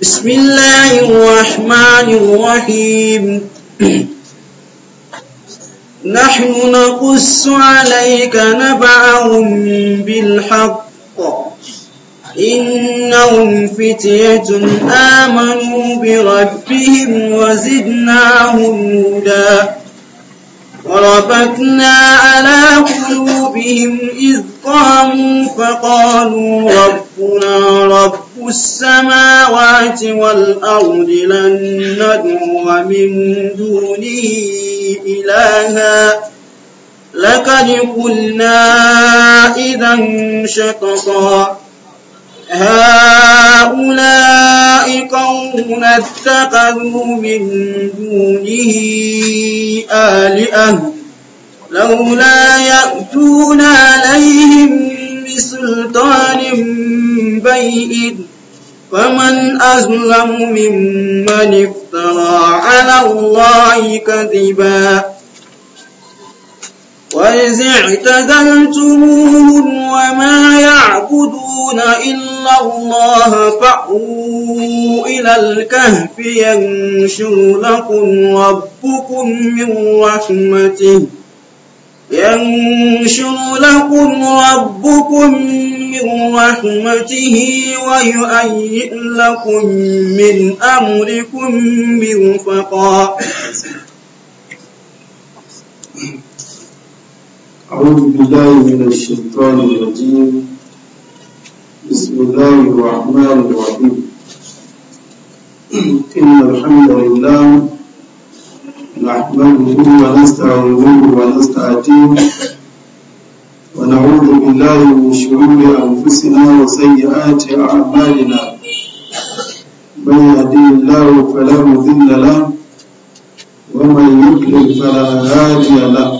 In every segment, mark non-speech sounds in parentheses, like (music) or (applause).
بسم الله الرحمن الرحيم (clears throat) نحن نقص عليك نبعهم بالحق إنهم فتية آمنوا بربهم وزدناهم هدى ورفتنا على قلوبهم إذ قاموا فقالوا ربنا رب السماوات والأرض لن ندعو من دونه إلها لقد قلنا إذا شططا هؤلاء قوم اتخذوا من دونه آلئة لولا يأتون عليهم بسلطان بين فمن أظلم ممن افترى على الله كذباً وإذ اعتزلتموهم وما يعبدون إلا الله فأووا إلى الكهف ينشر لكم ربكم من رحمته ينشر لكم ربكم من رحمته ويؤيئ لكم من أمركم مرفقا أعوذ بالله من الشيطان الرجيم بسم الله الرحمن الرحيم إن الحمد لله نحمده ونستعينه ونستعتيه ونعوذ بالله من شرور أنفسنا وسيئات أعمالنا من يهدي الله فلا مضل له ومن يضلل فلا هادي له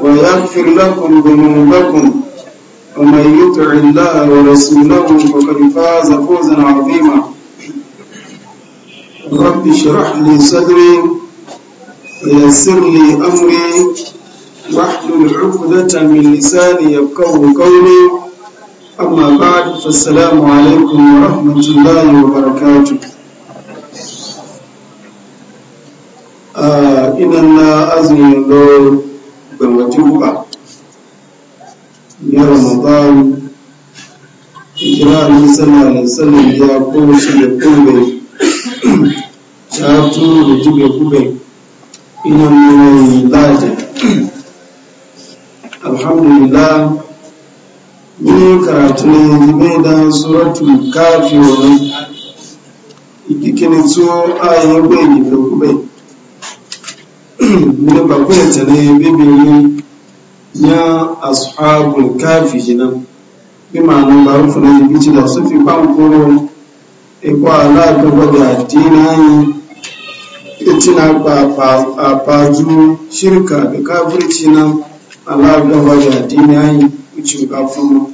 ويغفر لكم ذنوبكم ومن يطع الله ورسوله فقد فاز فوزا عظيما رب اشرح لي صدري ويسر لي امري واحلل عقدة من لساني يفقه قولي اما بعد فالسلام عليكم ورحمة الله وبركاته آه إن الله عز وجل wajuba na ramadan ikirarin sallallahu sallam ya kowace da kube ya turo da jiga kube ina mai laje alhamdulillah mun karatu ne bai da suratul kafirun ikikini so ayin bai da kube ne ba kuwa ta ne bibin ya ashabul kafi na bi ma'anin ba rufu na yi bici da sufi ban kuro ikwa ala gaba da addina yi itina a fazu shirka da kafirci nan ala gaba da addina yi wuce kafin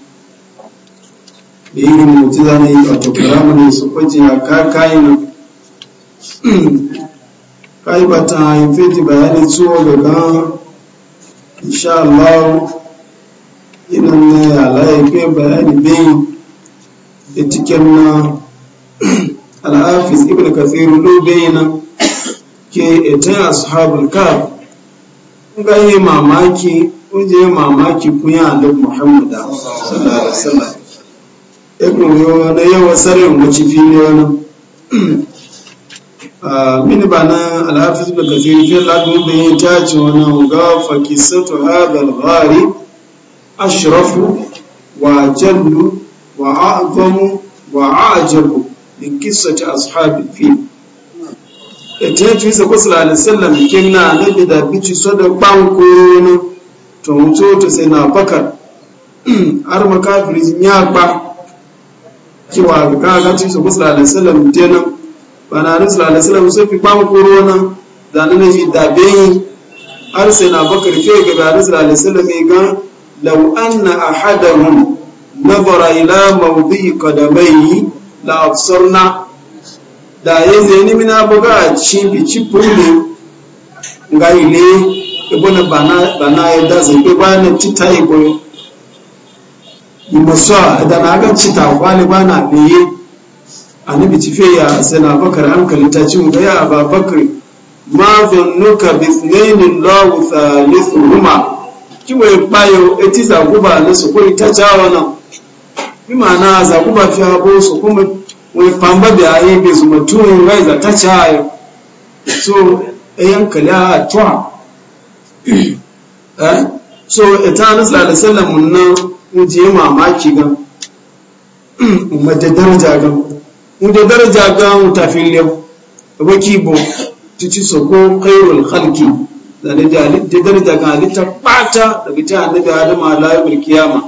da yi mutu zane yi a tukura mana su kwaje a kakayi na (clears throat) kaibata haifeti bayani tsoho daga insha Allah ina ne alaye bayani bai da cikin na al'afis ibn kathir lubaina ke ita ashabul kaf ga yi mamaki kuje mamaki kun yi alif muhammadu sallallahu alaihi wasallam ibn yawa na yawa sarin wuci fili wannan mini bana الحافظ alhafiz da kasiri fi lagun da ya tace wani ga fakisatu hadal ghari ashrafu wa jallu wa a'zamu wa a'jabu min qissati ashabi fi ete fi sa kusla alayhi sallam kinna nabi da bici so da banko no to mutu to sai na bakar (clears throat) har makafiri ya ba bana rasul alaihi so fi kpamu kuro na da nan ji da bayi har sai na bakar ke ga rasul alaihi wasallam ga law anna ahadahum na ila mawdi qadamayhi la absarna da yanzu ni mina buga ci bi ci pulu ga ile ibuna bana bana ya da zai bayanin tita ibo yi musa da na ga cita kwali bana biye annabi ci feya sai na bakar hankali ta ci mu ya ba bakar ma zannuka bisnaini lawu ki mai bayo eti zakuba na su kuri ta cawa nan bi ma'ana zakuba fi habo su kuma wai famba da ayi bi su mutum rai za ta ayo. so ayan e kala a tuwa (clears throat) eh? so ita na sallallahu alaihi mun nan mu je mamaki gan (clears throat) mu da daraja gan da daraja ga mutafin lebu waki bo titi soko kairul khalqi da ne da da daraja ga halitta bata daga ta annabi adam ala yawmil kiyama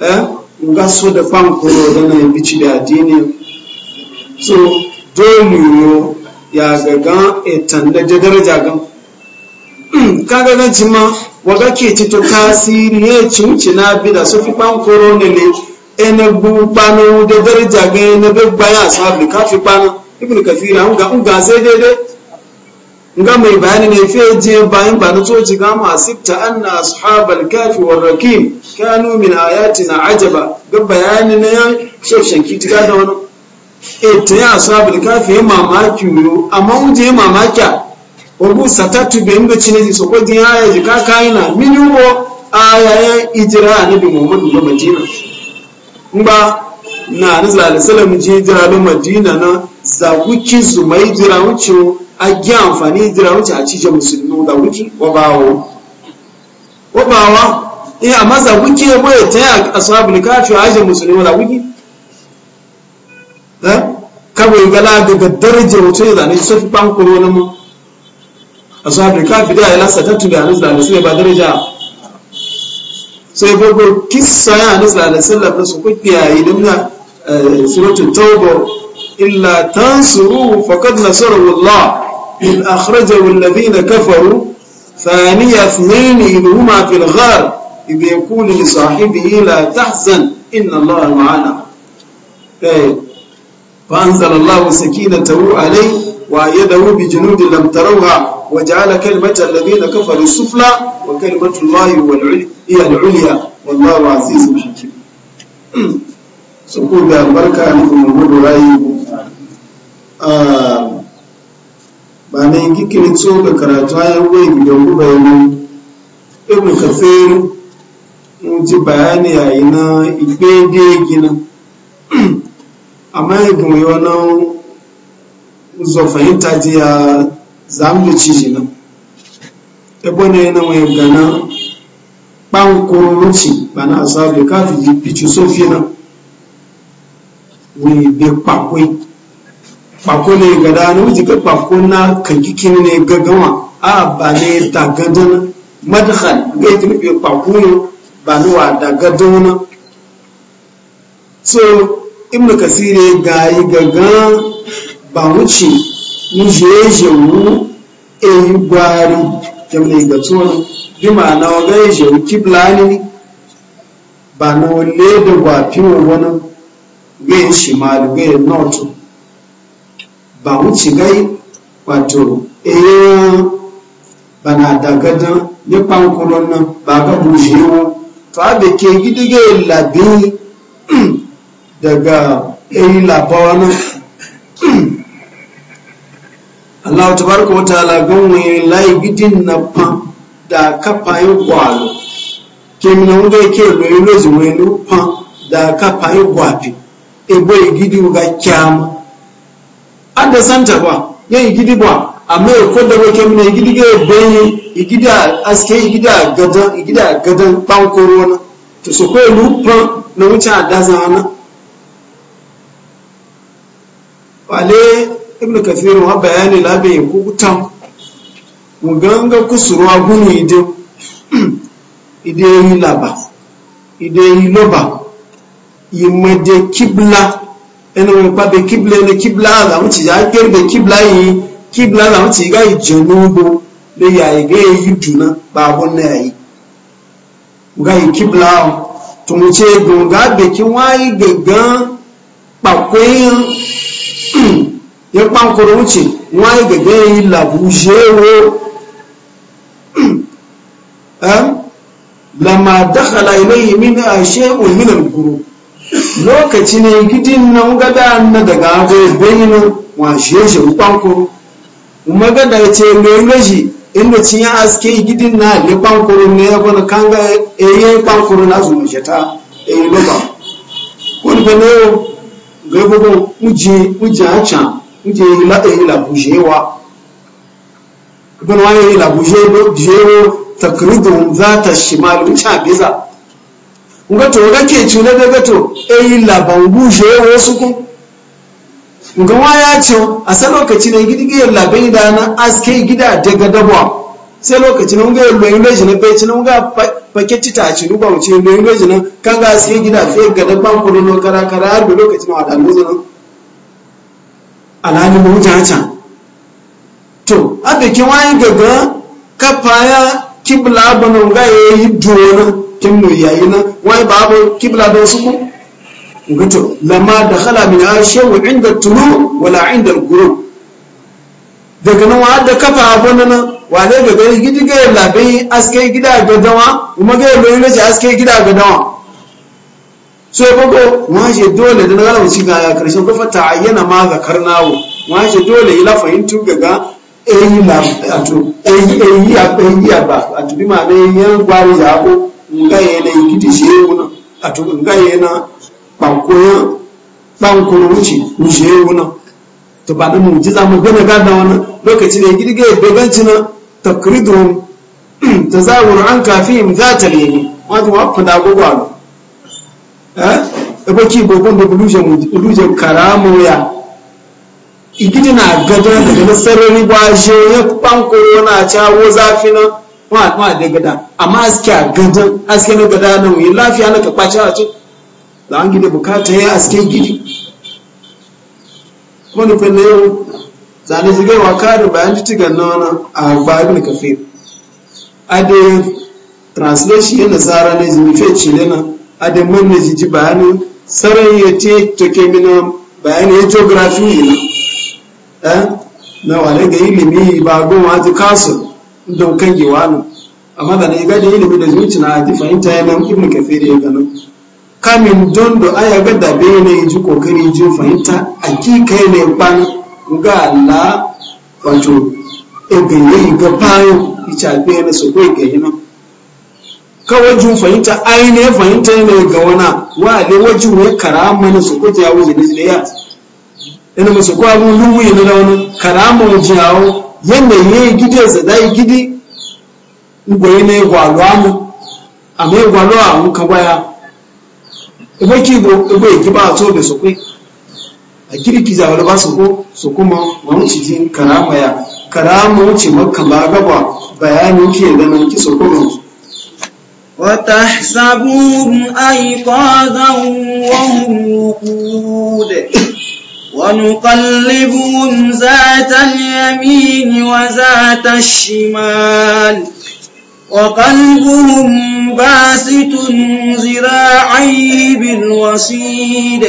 eh ga so da fan koro da ne bici da addini so dole yo ya ga ga etan da daraja ga (clears throat) kaga ga cima waga ke to tasiri ne cin na bida so fi fan koro ne ne ene panu da daraja ga ene be bayan ashabu kafi bana ibn kafir an ah, ga ga sai daidai nga mai bayani ne fiye je bayan ba to coci ga ma sikta anna ashabal kafi war rakim kanu min ayatina ajaba ga bayani ne yan so shanki ga da wani e ya ashabal kafi mamaki yo amma mun je mamaki ogu satatu be inda cine ji so ko din aya ji ka kaina min yo aya ya ijira annabi muhammadu madina ba na arzala alisalam je jira lo madina na zaguki su mai jira wuce a gi amfani jira wuce a cije musulmi da wuki wabawo wabawa eh amma zaguki ya boye ta ya ashabul kafi a cije musulmi da wuki eh bai gala daga darajar wuce da ne su fi bankuro na mu ashabul kafi da ya lasa tattu da arzala alisalam ba daraja sai gogo kissa ya na zala sallam na su kuke yayi da muna suratul tauba illa tansuru faqad nasarahu Allah إذ أخرجه الذين كفروا ثاني اثنين إذ هما في الغار إذ يقول لصاحبه لا تحزن إن الله معنا فأنزل الله سكينته عليه وأيده بجنود لم تروها وجعل كلمة الذين كفروا السفلى وكلمة الله هي العليا والله عزيز حكيم سكون البركة لكم الهدى رأيكم ba na yanki kiritso ga karatu hayan wai gidan guba yana ibn kafir mun ji bayani yayi na igbe gina amma ibin mai wani zofahimta ji ya zamu ciji nan ebe ne yana wani gana kpankuru ba na asabu kafin jipici sofi nan wani be kwakwai kwakwai ne gada na wuce ga kwakwai na kankikin ne gaggawa a ba ne tagadan madhal ga yi kwakwo kwakwai ba ni wa dagadan so ibn kasire ga yi gaga ba wuce ni jeje mu eyi gwari jamle ga tsoron bi ma'ana waga ya kibla ne ba na wale da ba fiye wani gayin shimalu gayin north ba wuce gai wato eyi ba na dagadan ya kwankuron nan ba ga bujewo to abe ke gidige labi (clears throat) daga ɗayi na. Allah ta barka wata alagun wani layi gidin na fa da kafa yi gwalo kemi na wunga yake loyi lozi wani fa da kafa yi gwafi ebo yi gidi ga kyamu an da santa ba ya yi gidi ba amma ya kodda ba kemi na gidi ga bayi yi gidi a aske yi gidi a gadan yi a gadan bankoro wani to so kwa yi lupa na wuce a dazana wale ibn kathir wa bayani labe ku kutam muganga kusuru gunu ide (clears throat) ide yi laba ide yi loba yimade kibla ẹnu ipa be kibla ne kibla làwọn ti ya gẹ́rù be kibla yi kibla làwọn ti yà ìjẹ́ lóògbò lè yà ìgẹ́ èyí dùnà gbàgbọ́ náà yìí nga yi kibla tòun ṣe gbòǹgà bèkí wọ́n á yí gẹ̀gán pàkóyán ya kwankuru wuce wani gaga ya yi labujewo lama dakhala ilayhi min a min al-guru lokaci ne gidin nan gada na daga ga bayin wa sheshe kwankuru kuma gada ce mai gaji inda cin ya aske gidin na le kwankuru ne ya bana kanga eye eh, kwankuru na zuwa mashata e eh, loba kun fa gai bugu uje a can uje yi laɗayi labujewa wani yi takridun za ta shimal wuce a biza ngato ke na da gato eyi laban gujewa su ku. nga waya ce a san lokaci ne gidigiyar labai da na aske gida daga dabwa sai lokacin mun ga yalwa yalwa shi na bai cinu mun ga faketi ta ci ruba mu ci yalwa yalwa na kan ga sai gida fiye ga da ban kudu no kara Har da lokacin wa da mu zanan alani mu ja can to abe kin wani gaga kafaya kibla bana ga yayi dona kin mu yayi na wai babu kibla don su ku gato lamma dakhala min wa inda tulu wala inda al daga nan wa da kafa abun nan wane ga gidi ga labe aske gida ga dawa kuma ga lo ce aske gida ga dawa so bako waje dole da nagara wuci ga karshe ko fa ta'ayyana ma ga karnawo waje dole ila fahimtu ga ga eyi la ato eyi eyi ya eyi ya ba ato bi ma ne yan gwari ya ko nga yana gidi shi wuna ato nga yana bankoyan bankon wuce wuce wuna to ba da mujiza mu na gadan wannan lokaci ne gidige begancin takriduhum tazawur an kafihim zata lini wato wa fada gogwalo eh e baki bogon da bulujen bulujen karamo ya igidi na gada daga na sarari gwaje ya banko na cawo zafi na wa ma da gada amma aske a gada aske na gada na yi lafiya na ka kwace a ce da an gida bukata ya aske gidi kuma nufin na yau zane zige wa kare bayan ji tigan na wani a babin kafe ade translation yana tsara ne zini fe cile na ade man ne jiji bayani sarai ya te toke mina bayani ya geography ne na eh? na wale ga ilimi ba goma ji kasu don kan giwanu amma da ne ga da ilimi da zuci na ji fahimta yana ibn da ya gano kamin don do aya ga da bai ji kokari ji fahimta hakika ne kwanu. ga la wato egaye ga bayan ichabe na su kai gaye Kawai kawajin fahimta ainihin fahimta ne ga wana wa ne wajen wai karama na su kai jawo ne ne ya ina musu kwa mu lumu ne na wani karama jawo yanda yayi gidi zadai gidi ngoyi ne gwalo amu amma gwalo amu kabaya ebe ki go ebe ki ba to be su kai a girgiza wani ba su ko su kuma mawuci jin karama ya karama wuce maka ba gaba bayanin ke ganin ki su kuma وتحسبهم أيقاظا وهم رقود ونقلبهم ذات اليمين وذات الشمال وقلبهم باسط ذراعيه بالوسيد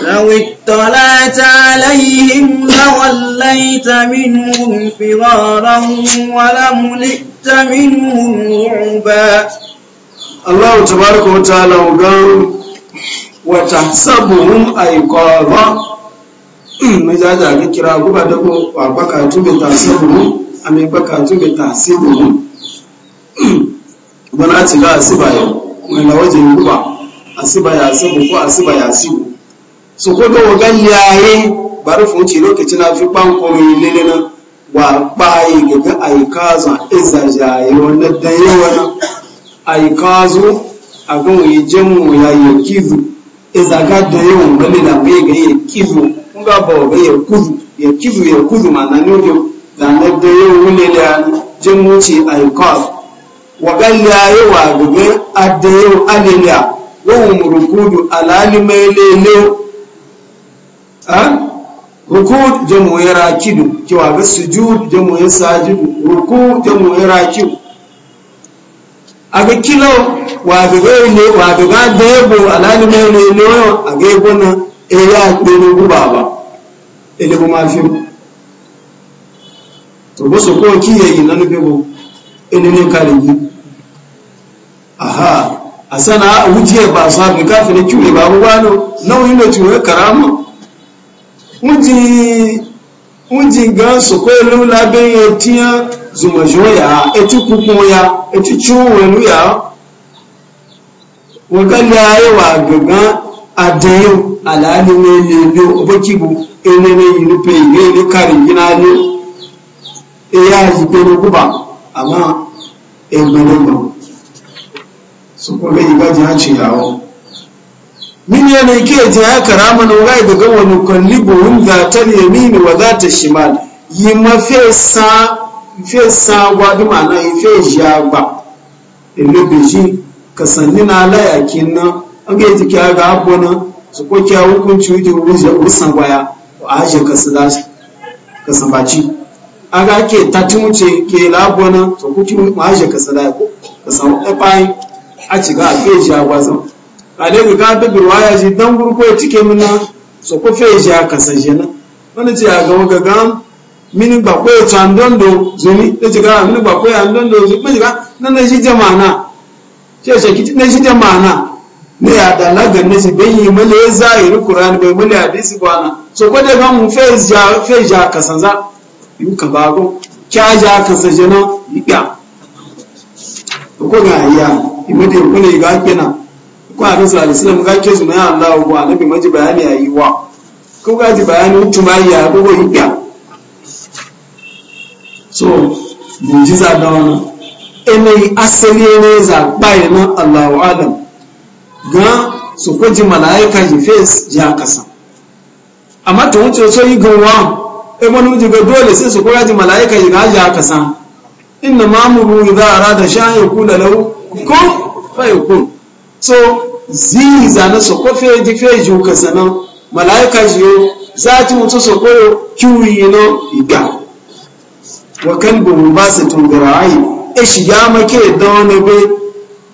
لو اطلعت عليهم لوليت منهم فرارا ولملئت منهم رعبا الله تبارك وتعالى وقال وتحسبهم ايقاظا مجازا ذكرى قبا وبكى تبي تحسبهم أمي بكى تبي تحسبهم بناتي لا أسبا يوم وإلى وجه قبا أسبا يا أسبا وأسبا يا أسبا su ko ga wagan yaye bari fun ci lokaci na fi ban komai lele na wa bayi ga ga aikazu iza jaye wannan dan yawa aikazu a ga wani jamu ya yi kizu iza ga da yawan wani da mai ga yi kizu kun ga ba ga ya kuzu ya kizu ya kuzu ma na ne da na da yawan wani da jamu ce aikazu wagan yaye wa ga ga adda yawan aliliya wawon rukudu alalimai lelewa ruku jamu ya rakidu kiwa ga sujud jamu ya sajidu ruku jamu ya rakidu aga kilo wa ga ne wa ga da yabo alani mai ne ne aga yabo na e ya dole guba ba e bo kuma fi to bo so ko ki ye ina no bebo ene ne kare yi aha asana wujiye ba sa ga kafin kiwe ba wano nauyin da karama wunji gan sokwe lu labin etiya zumajo ya eti kukun ya eti ciwon ya wagan ya wa gangan adayin alhali ne ne biyu aboki bu ene ne yi nufe ne ne kari ya yi gani guba amma e gbani ba su kuma yi gaji hanci yawo min yana ke je ya karama na wai daga wani kwalli kallibu hun zatar yamini wa shi ma yi mafesa fesa gwadu mana yi fe ya gba ilu beji ka sanni na layakin na an ga yi kya ga abu na su ko kya hukunci wuce wusan gwaya a hajji ka su dace ka sambaci a ga ke ta wuce ke labu na su kuki ma hajji ka su dace ka samu ɗafayin a ci ga a fe ya gwazan ale guda da burwaya ji dan gurko ya cike muna so ko fe ji aka je na wani ji ga ga ga mini ba ko ya do zuni da ji ga mini ba ko ya tandondo zuni mini ga nan ne shi jama'a ce ce ki ne shi jama'a ne ya da lagan ne ji bai yi male zahiri qur'ani bai male hadisi na so ko da ga mu fe ji fe ji aka za yu ka ba go kya ji aka je na ya ko ga ya imi da ne ga kenan ko a nisa alisalam ga ke su na Allah ko annabi maji bayani a yi wa ko ka ji bayani mutum tumayya ko ko yiya so mujiza da wani. enai asali ne za bayi na Allahu alam ga su kwaji malaika ji face ja kasa amma tun wuce so yi gawa e manu ji ga dole sai su kwaji malaika ji ga ja kasa inna mamuru idza arada shay'an yaqulu lahu kun fayakun so zi zana soko feji feji ukasana malaika za ti mutu soko kiwi yino iga wa kalbu mubasa tungirai eshi yama ke dawne be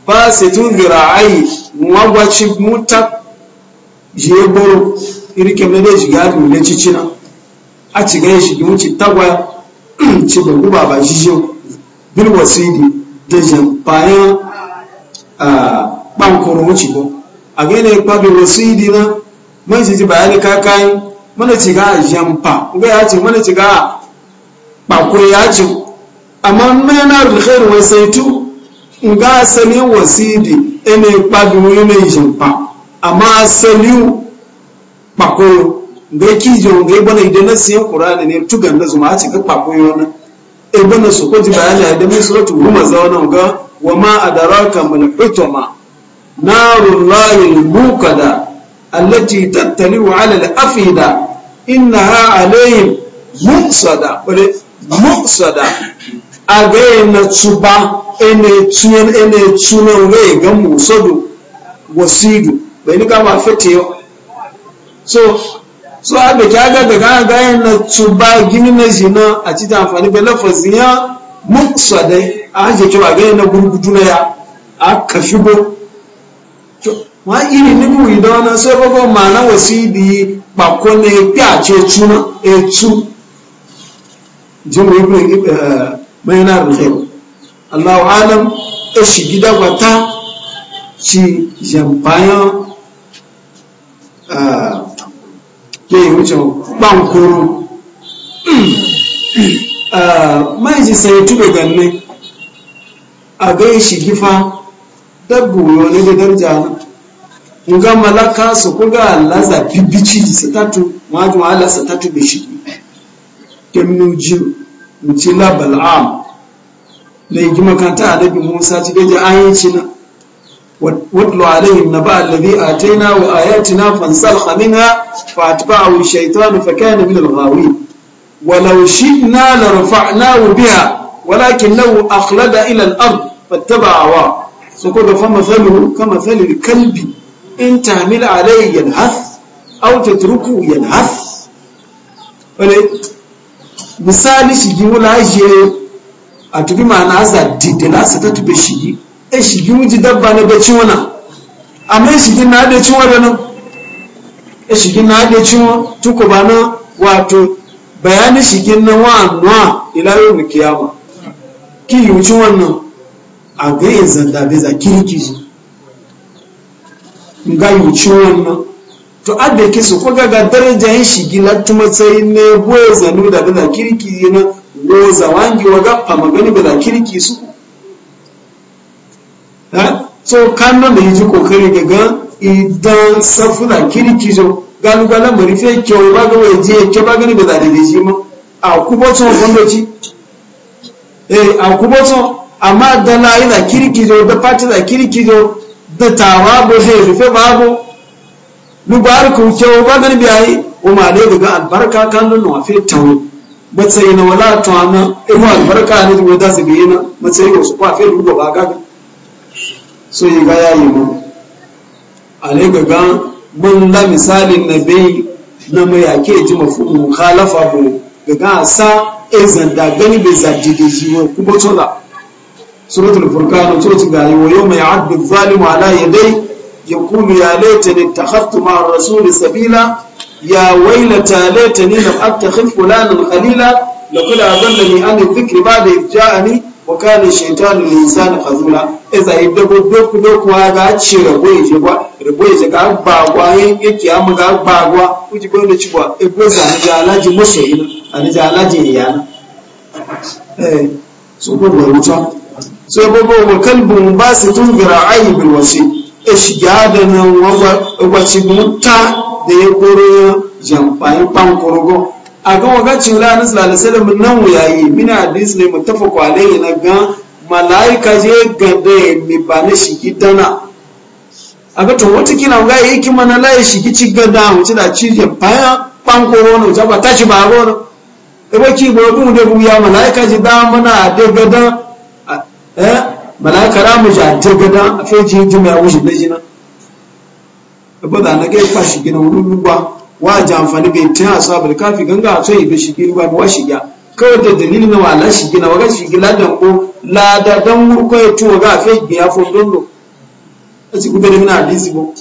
basa tungirai mwagwachi muta jiye boro irike mede jigari mule chichina aci ga shi dun ci tagwa (clears throat) ci ba guba ba jijo bil wasidi pa ya a an kuru wuce ko a gane ne kwabe wasu idina mai ji bayani kakai mana ci ga jampa ga ya ce mana ci ga bakure ya ce amma mai na alkhair wa saitu ga asali wasidi ene kwabe wani mai jampa amma asali bakure ga kijo ga bane idan na siyan da ne tugan da zuma a ci ga bakure wannan e bana su ko ji bayani da mai suratu huma zaunan ga wa ma adaraka mal hutuma Na layin mukada allati tattaliu ala al-afida innaha alayhim muqsada wale muqsada agaye na tsuba ene tsuyen ene tsunan rai ga musodu wasidu bai nika kama fete yau so so abe kaga da kaga gaye na tsuba gini na jina a cikin amfani bai lafazin ya muqsada a hajje kyau agaye na gurgudu na ya a kafi go wọ́n ìrì nínú ìdáná sí ọgbọ́gbọ́ màá náwó sí ibi pàkó ní pé àti etu etu eh, alam gida gwata ci ke eh, yi bankoro eh, mai ji sai tube ganne a gai shi gifa dabbu wani da darja na ga malaka su kuga laza bibici satatu waju ala satatu bishi kemnu ji muci la bal'am la yi makanta annabi Musa ci gaje ayanci na watlu alaihim naba alladhi ataina wa ayatina fansalkha minha fatba'ahu ash-shaytanu fakana min al-ghawin ولو شئنا لرفعناه بها ولكنه أخلد إلى الأرض فاتبع هواه su ko ga fa masaluhu ka masalil kalbi in tahmil alayhi yanhas aw tatruku yanhas wale misali shigi wula je a tubi na za didila su ta tubi shigi e shigi wuji dabba na da ciwona amma e shigi na da ciwon da nan e shigi na da ciwon tuku ba na wato bayanin shigin na wa nuwa ila yau kiyama ki yi wuci wannan a ga ya zanda bai za kirki su ga yi ciwon nan to adda ke su kwaga ga darajar shigi latu matsayi ne goya zanu da bai za kirki na goya zawangi wa gafa magani bai za kirki su so kan nan da yi ji ga daga idan safuna kirki zo galugala mari fe kyau ba ga waje ke ba gani ba za da shi ma a kubotan fondoci eh a kubotan amma da layi za kirkizo da fati za kirkizo da tawa bu zai rufe babu lubar ku kyau ba gani biyayi umarai daga albarka kan nuna wafe tawo matsayi na wala tawana ihu albarka ne zuwa da zubi na matsayi wasu kwafe lugo ba gaga so yi ga yi mu ale gaga mun la misalin na bai na mai ake ji mafumu khalafa bu gaga sa ezan da gani bai zaddide shi wa kuma tsola suratul furqan to ci gayi wa yawma ya'addu zalimu ala yadai yaqulu ya laitani ittakhadtu ma'a rasuli sabila ya waylata laitani lam attakhid fulanan khalila laqad adallani an dhikri ba'da idh ja'ani wa kana shaytanu lil insani khazula iza idabo doku doku ga ci rabo yaje ba rabo yaje ga gbagwa yake amu ga gbagwa kuji ko ne ciwa ebo za ni ga alaji musoyina ani ga alaji yana eh so ko wuta so ya babo wa kalbin ba su tun bira ayi bil wasi e shiga da nan wace mutta da ya koro jamfayin pankorogo a kan wakacin ranar sallallahu alaihi nan wuyayi mina hadis ne kwale alaihi na gan malaika je gada ya mi ba na shigi dana a ga to wata kina ga yi kima na layi shigi ci gada mu ci da ci jamfayin pankoro ne ta ba ta ci ba ro ne e ba ki bo dun buya malaika je da mana a de gada eh malaka ramu ja tirgana fe ji juma ya wuce lejina e ba da na ka shi gina wani lugwa wa ji amfani bai tin bai kafi ganga a tsaye bai shigi lugwa ba wa ya? kawai da dalilin na wala shigi na shi shigi da ko ladadan e wurko ya tuwa ga fe ya fo dondo a e ti gudare mina hadisi bo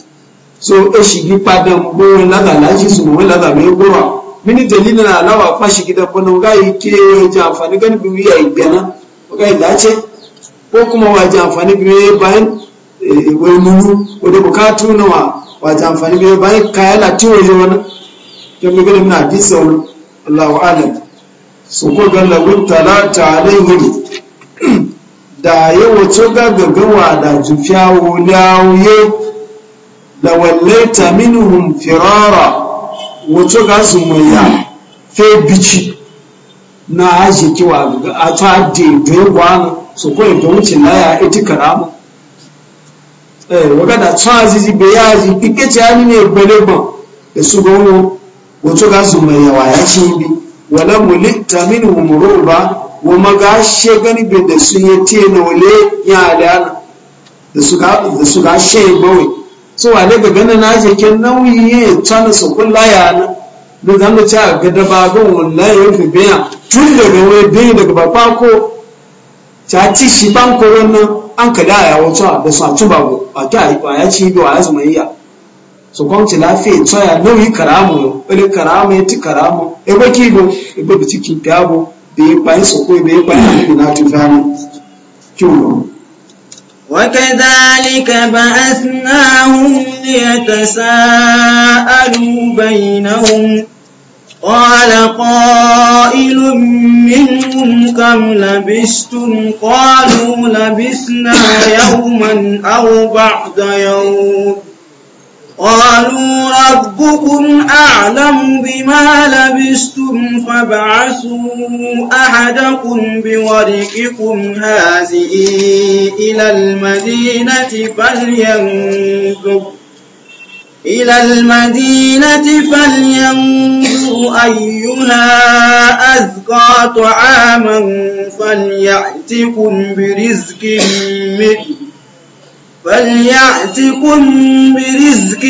so e shigi padan bo wani laga laji su wani laga mai gowa mini dalilin na alawa fashi gidan bana ga yi ke ji amfani gani bi wiya yi gbana ga yi dace ko kuma waje amfani biyu bayan eh, wai munu wadda bukatu na wa waje amfani biyu bayan a latin waje wani don gagara na hadisa wani allahu alam su ko ga lagun talata yi da yawa ga gagawa da jufiya wulawoye da wallaita minuhun firara wato ga su maya fe bici na aji kiwa a ta daidai wani so ko to wuce na ya iti karama eh waga da tsazi ji be yaji ike ci ani ne gbele bon e su go wo wato ga su mai yawa ya ci bi wala mulitta minhu muruba wa maga she gani be da su yete na wale ya da da su ga da su ga she bawe so wale ga ganin na je ken nauyi ya yi tsana su kullaya na da zamu ci a ga da ba ga wallahi ya fi biya tun daga wani bai daga baba ko ta ci shi ban koron an ka da ya wata da su a tuba go a ta yi ba ya ci do a zuma iya so kon ci lafiya to ya nauyi karamu yo karamu ya ti karamu e ba ki do e ba bi ciki ta go da ya so ko ya bayan ku na tuba ne kyau وكذلك قال قائل منهم كم لبستم قالوا لبثنا يوما أو بعد يوم قالوا ربكم أعلم بما لبستم فابعثوا أحدكم بورقكم هذه إلى المدينة فلينظر إلى المدينة فلينظر أيها أذقى طعاما فليأتكم برزق منه فليأتكم برزق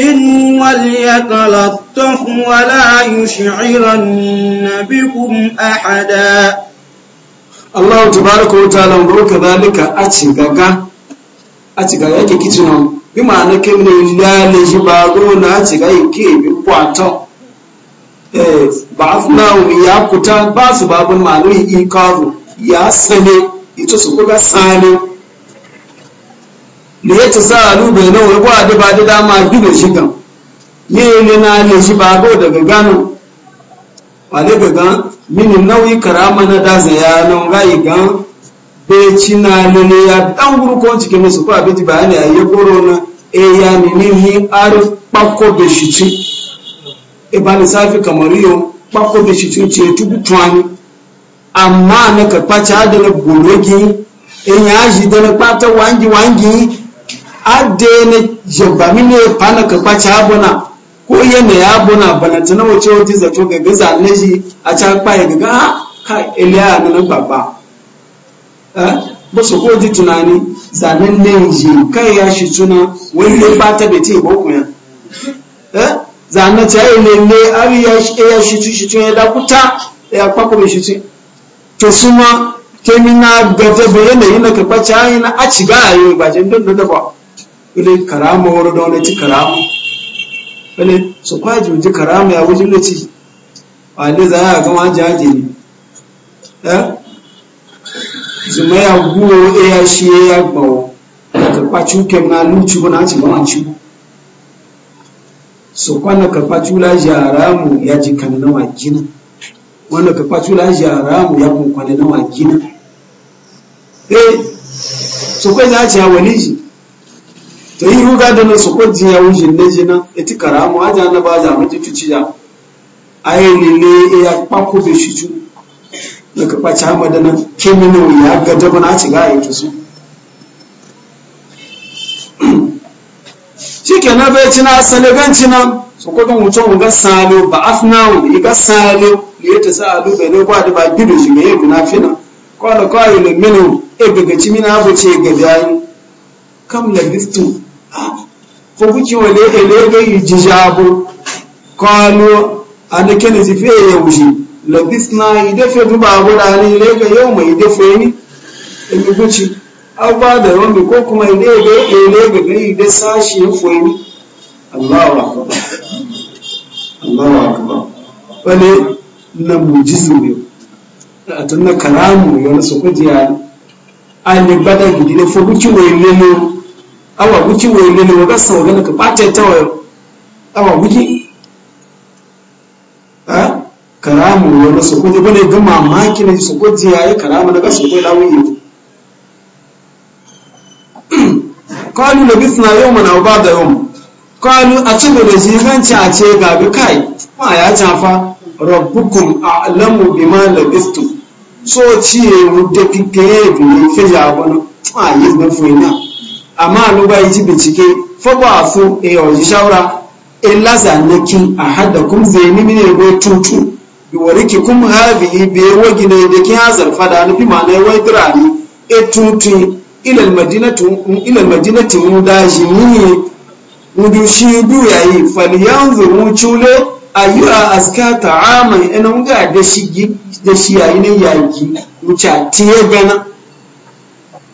منه وليتلطف ولا يشعرن بكم أحدا الله تبارك وتعالى وكذلك أتي غغا أتي غغا يكي كتنون bí màá ní kí ni ilé alẹ́ ṣe bá gbóhùn náà ti ráyè kí èmi kú àtàn bàáfù náà òun ìyá kúta báàfù bá bọ́ màá lórí ìkarù ìyá sẹ́ni ìtòsókó bá sáni lèyẹ ti sáà lùbẹ̀ náà wọ́n wá dá máa bí lè ṣe yé ilé náà lè bá gbóhùn gánà wà gbẹ̀gán mí ni náwó ìkàrà mọ́nà dá beci na nuni ya dan gurko cikin musu ko abiti bayani a yi na e ya nini hi arif pako da shici e ba ni safi kamar yau pako da shici ce tubu tuwani amma na karfa ci hada na gorogi e ya ji da na kpata wangi wangi ade na jabami ne fa na karfa ci abona ko ne ya abuna balantana wace wace zato ga gaza na shi a can kpaye ga ga ka iliya na na gbagba ba su ji tunani zanen ne ji kan ya shi tuna wani ne ba ta bete ba ya? Eh? zanen ta yi ne ne ari ya shi eh, tu shi tuna ya dakuta eh, ya kwakwa mai shi tu ke su ke kemi na gata bayan yi na karɓa ta hanyar na a ci ga yi ba jin don da ba ilin karama wani da wani ci karama wani su kwaji wuji karama ya wuji lokaci ba za a gama jaje ne zuma ya guwo e ya shi ya gbawo karɓa ke na lucu na ci ba ci so kwana karɓa cula jaramu ya ji kan nawa gina wanda karɓa cula jaramu ya kun kwana nawa gina eh so kai na ci ya ji to yi ruga da na so ko ji ya wuce ne jina eti karamu aja na ba ja mu ci ci ja ayi ne ne e ya kwako be shi cu daga kwace da nan kemino ya ga daba na ci gaya ta su shi ke na bai cina saliganci nan su kudin mutum ga salo ba afnawo da ga salo da ya ta sa alu bai ne ba da ba gido shi ga yi munafina kwana kawai da minu e daga ci mina abu ce ga bayan kam labistu ko kuke wale ele ga yi jijabo kwano a da kene zifiye e ya wuce labisna idafe duba guda ne ne ga yau mai idafe ni in yi guci agba da rombi ko kuma ide ga ele ga ga ide sashi ya foyi ni Allahu akbar Allahu akbar wani na mujizu ne a tun na karamu ya nasu kujiya an yi bada gidi na fogu kiwo ililo awa guki wo ililo wa gasa wa gana ka bata ta wa awa guki karamu wani su kudi bane ga mamaki na su kudi yayi karamu daga su kudi lawo (clears throat) bisna yau mana ba da yau yawm a atibu da ci a ce ga ga kai ma ya jafa rabbukum a'lamu bima labithtum so ci e wudde pikere bi ne fe ya bana ma yi na fuina amma lu ba yi bincike fa ba su e eh, o shawara in lasa nakin zai nimi ne go tutu wariki kum hadhihi be wagina da kin hazal fada ni bi ma'ana wai dirani etutu ila almadinatu ila mu mudaji ni mudu shi du yayi falyanzu mu chule ayuwa aska ta'aman ina muga da shi da shi yayi ne yaki mucha tiye gana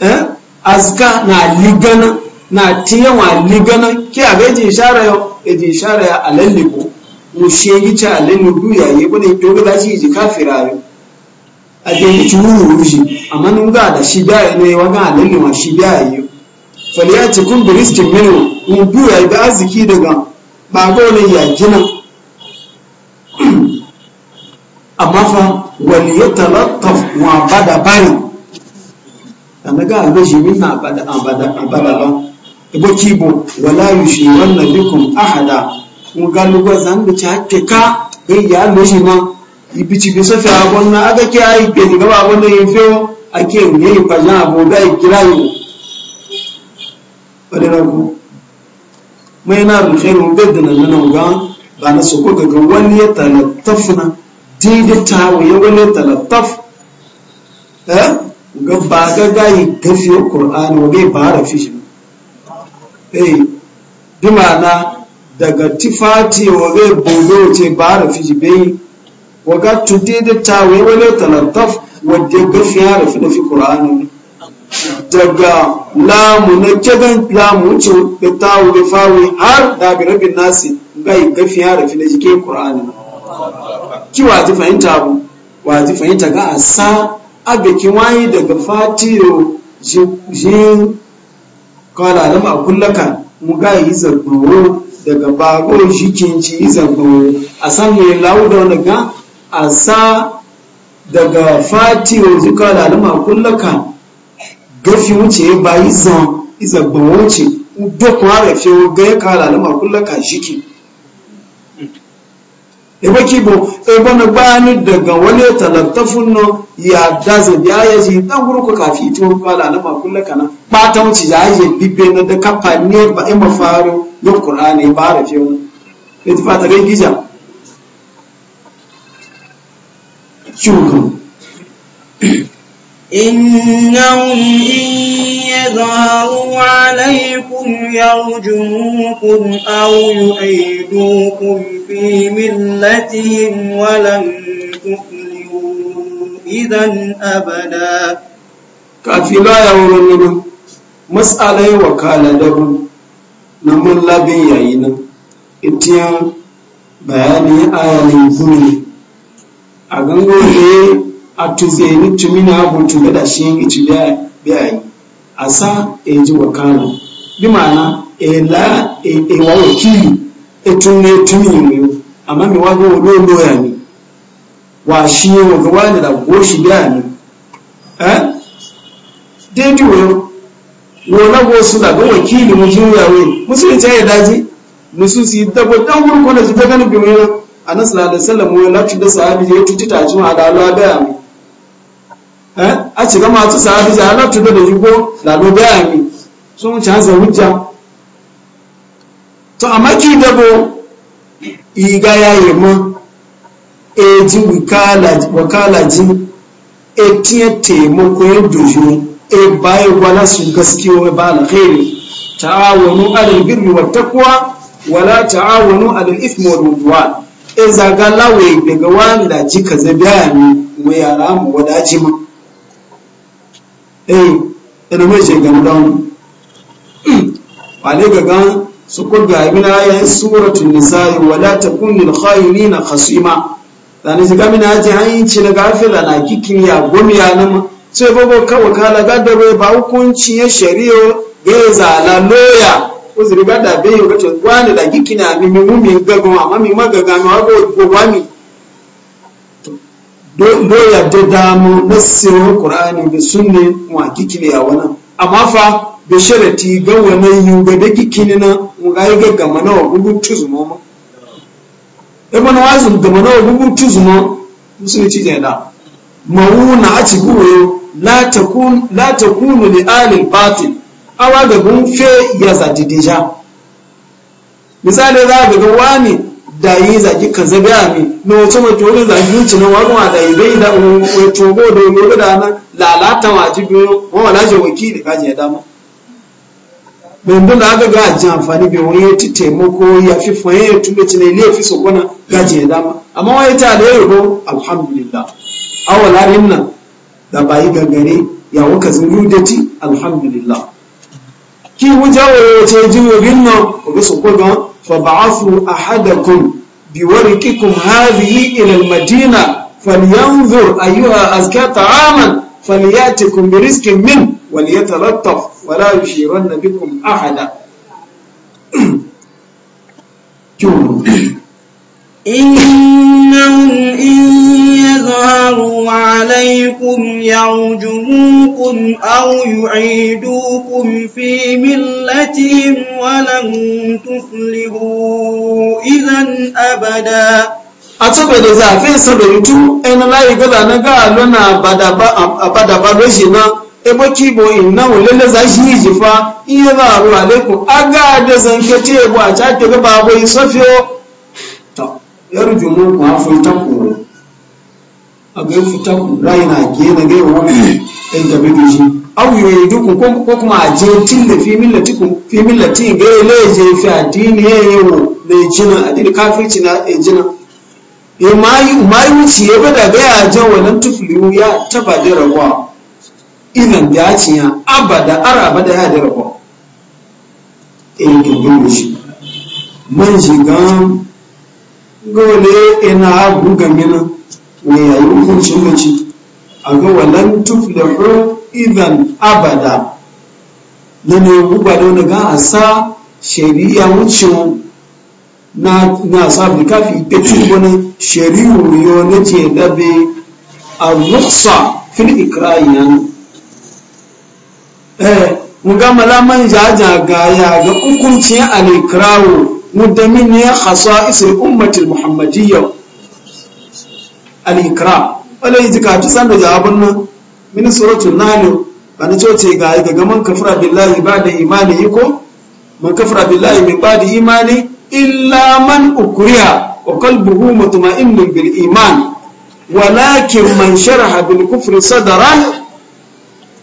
eh aska na ligana na tiye wa ligana ki a gaji ishara yo eji ishara ya alallibo mu shegi cha le mu duya ye bo ne to ga shi ji kafira yo a je mu churu ruji amma nun ga da shi da ne wa ga le ne wa shi da yo faliyati kun bi riskin minu mu duya da arziki daga bago ne ya gina (clears throat) amma fa wani ya talattaf wa bada bari a na ga albashi min na abada abada abada lan ibo e kibo wala yushi wannan bikum ahada mugalugo zangu chake ka bai eh, ya shi ma ibici bi sofi abon na aga ke ai ke ni gaba abon da yefe ake ne yi fajan abo ga ikira yi wadda ragu mai na alkhairu gadda na nan ga ba na soko ga wani ya talattafna daidai ta waye wani ya talattaf eh ga ba ga ga yi gafiyo qur'ani wa bai ba fishi eh bi na. daga tifati wabe bodo ce ba harafi ji bai waga tude da tawai wani talantaf wadda ya harafi da fi ƙura'ani daga lamu na kegan lamu ce da tawai da fawai har da bi rabin nasi gai ya harafi da jike ƙura'ani ki wa ji fahimta bu wa ji fahimta ga a sa abikin wayi daga fatiyo jin kala a kullaka mu ga yi zarbawo daga babur shi kinci izan a san mai lawo da wani ga a sa daga fati wa zuka da alama kullaka gafi wuce ya bayi zan izan gbawo wuce dokwa rafe ga ya kala alama kullaka shi ebe kibo ebe na bani daga wani talattafin nan ya daza biya ya ji dan gurku kafi to kala na kullu kana ba ta wuce ya yi bibbe na da kafa ne ba in faro na qur'ani ba rafe mu ita fata ga gija shugo innahum in ظهروا عليكم يرجموكم أو يعيدوكم في ملتهم ولن تفلحوا إذا أبدا كافلا يا ورنبا مسألة وكالة لهم نمون لابن يعينا اتيان bayani ayalin kuni a gangon ne a tuzeni tumina abu tuga da shi yin ici bayayi asa eji kano bi ma'ana ela e, ewa wakili etun ne tuni yiwu amma mi wa gowa lo ya ne wa shi ne waga wani da goshi biya ne eh daidai wayo wona gosu da ga wakili mu juya we ta ya daji musu su yi dabo dan da su ta ganin bi mu yana annabi da alaihi wasallam wani lafiyar da sahabi ya tuti tajin hada Allah baya Eh? a ci gama tu sa hadija halar tudu da jugo da lo biya sun wuce hujja to a maki dabo iga ya yi ma e ji wakalaji etinye taimako ya dojo e, e baya gwana su gaskiyo e ba alkhairi ta'awunu alal birri wat taqwa wala ta'awunu alal ithmi wal udwan e zagalawe daga wanda jika zabiya ne mu yara mu wadaji mu eh ɗan mai shekaru don wale gagan su kurga ibina sura suratun nisa'i wala ta kunnil khayuni na khasima zane shi gamina ji hanci na gafila na kikin ya gumi ya nama sai babu kawai kala gada bai ba hukunci ya shari'o ya yi zala loya uzuri gada bai yi wata wani da kikin ya mimi mumi gagon amma mi magaga mi wago gobami doya da damu na sirrin ƙur'ani da sunne wa kikini a wani amma fa da sharati ga wani yi ga da kikini na ga yi ga gama na wagugun tuzuma ma ya mana wazin gama na wagugun tuzuma musulunci da yana ma'una a cikin wayo la ta kunu da alil batil awa ga gunfe ya zadidija misali za ga wani da yi zaki ka zabi a mi na wato mafi wani zaki yi cinan wani wa da yi bai da wato go da wani da nan lalata wa ji biyu wani wala je wakili kaji ya dama domin da aka ga ajin amfani bai wani ya ti taimako ya fi fayin ya tume ci ne ya fi sokona gaji ya dama amma wani ta da ya ko alhamdulillah awala nan da bayi gangare ya wuka zuru da ti alhamdulillah ki wujawo ya wace ji rinna ko ga sokona فابعثوا أحدكم بورككم هذه إلى المدينة فلينظر أيها أزكى طعاما فليأتكم برزق منه وليتلطف ولا يشيرن بكم أحدا (clears throat) إنهم إن يظهروا عليكم يرجموكم أو يعيدوكم في ملتهم ولن تفلحوا إذا أبدا atabada zafi sabaitu en layi gada na ga lona abadaba roshi na ebo kibo inna lele za shi yi jifa iya za a ruwa alaikum aga da zanke tebo a cake gaba bai yar jumu ma futa ku a ga futa ku rai na ge na ge wa in da bi ji yi duk ko kuma a je tilla fi millatikum fi millati ga le je fi addini ye yo le jina addini kafirci na e jina e mai mai wuce ya bada ga ya je wannan tufliu ya taba da rawa idan da ya abada araba da ya da rawa e to dole shi man gan gole ina buga mina ne yi hukunci mace a ga walan ko idan abada na ne buga da wani ga sa shari'a wucin na na kafi ta ci wani shari'u na ce dabe a rukhsa fil ikrayan eh mu ga malaman jaja ga ya ga hukuncin alikrawo mudamin ya khasa isir ummatil muhammadiyya al-ikram wala yi zika ci sanda jawabin nan min suratul nahl bani coce ga ga gaman kafara billahi ba da imani iko man kafara billahi min ba da imani illa man ukriha wa qalbuhu mutma'innun bil iman walakin man sharaha bil kufri sadran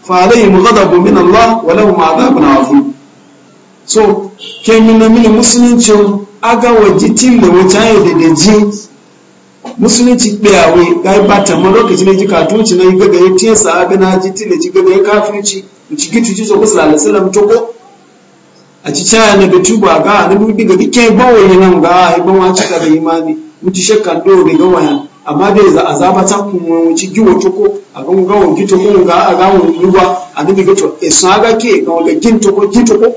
fa alayhim ghadabun min Allah wa lahum 'adhabun 'azim so kemi na mini musulunci aga waje da wata ya da ji musulunci ɗayawe ga yi bata ma lokaci na jika tunci na yi gaga ya tesa aga na ji da ji gaga ya kafirci ci gitu ci so kusa alisalam to ko a ci caya na bitu ba ga na dubi ga dike bawo yi nan ga a ban wa cika da imani mutu shakkan do ga gawa amma dai za a zaba ta kuma wuci giwo to ko a ga gawo gito ko ga a ga mu ruwa a dubi ga gito e eh, sa ga ke ga gin to ko gito ko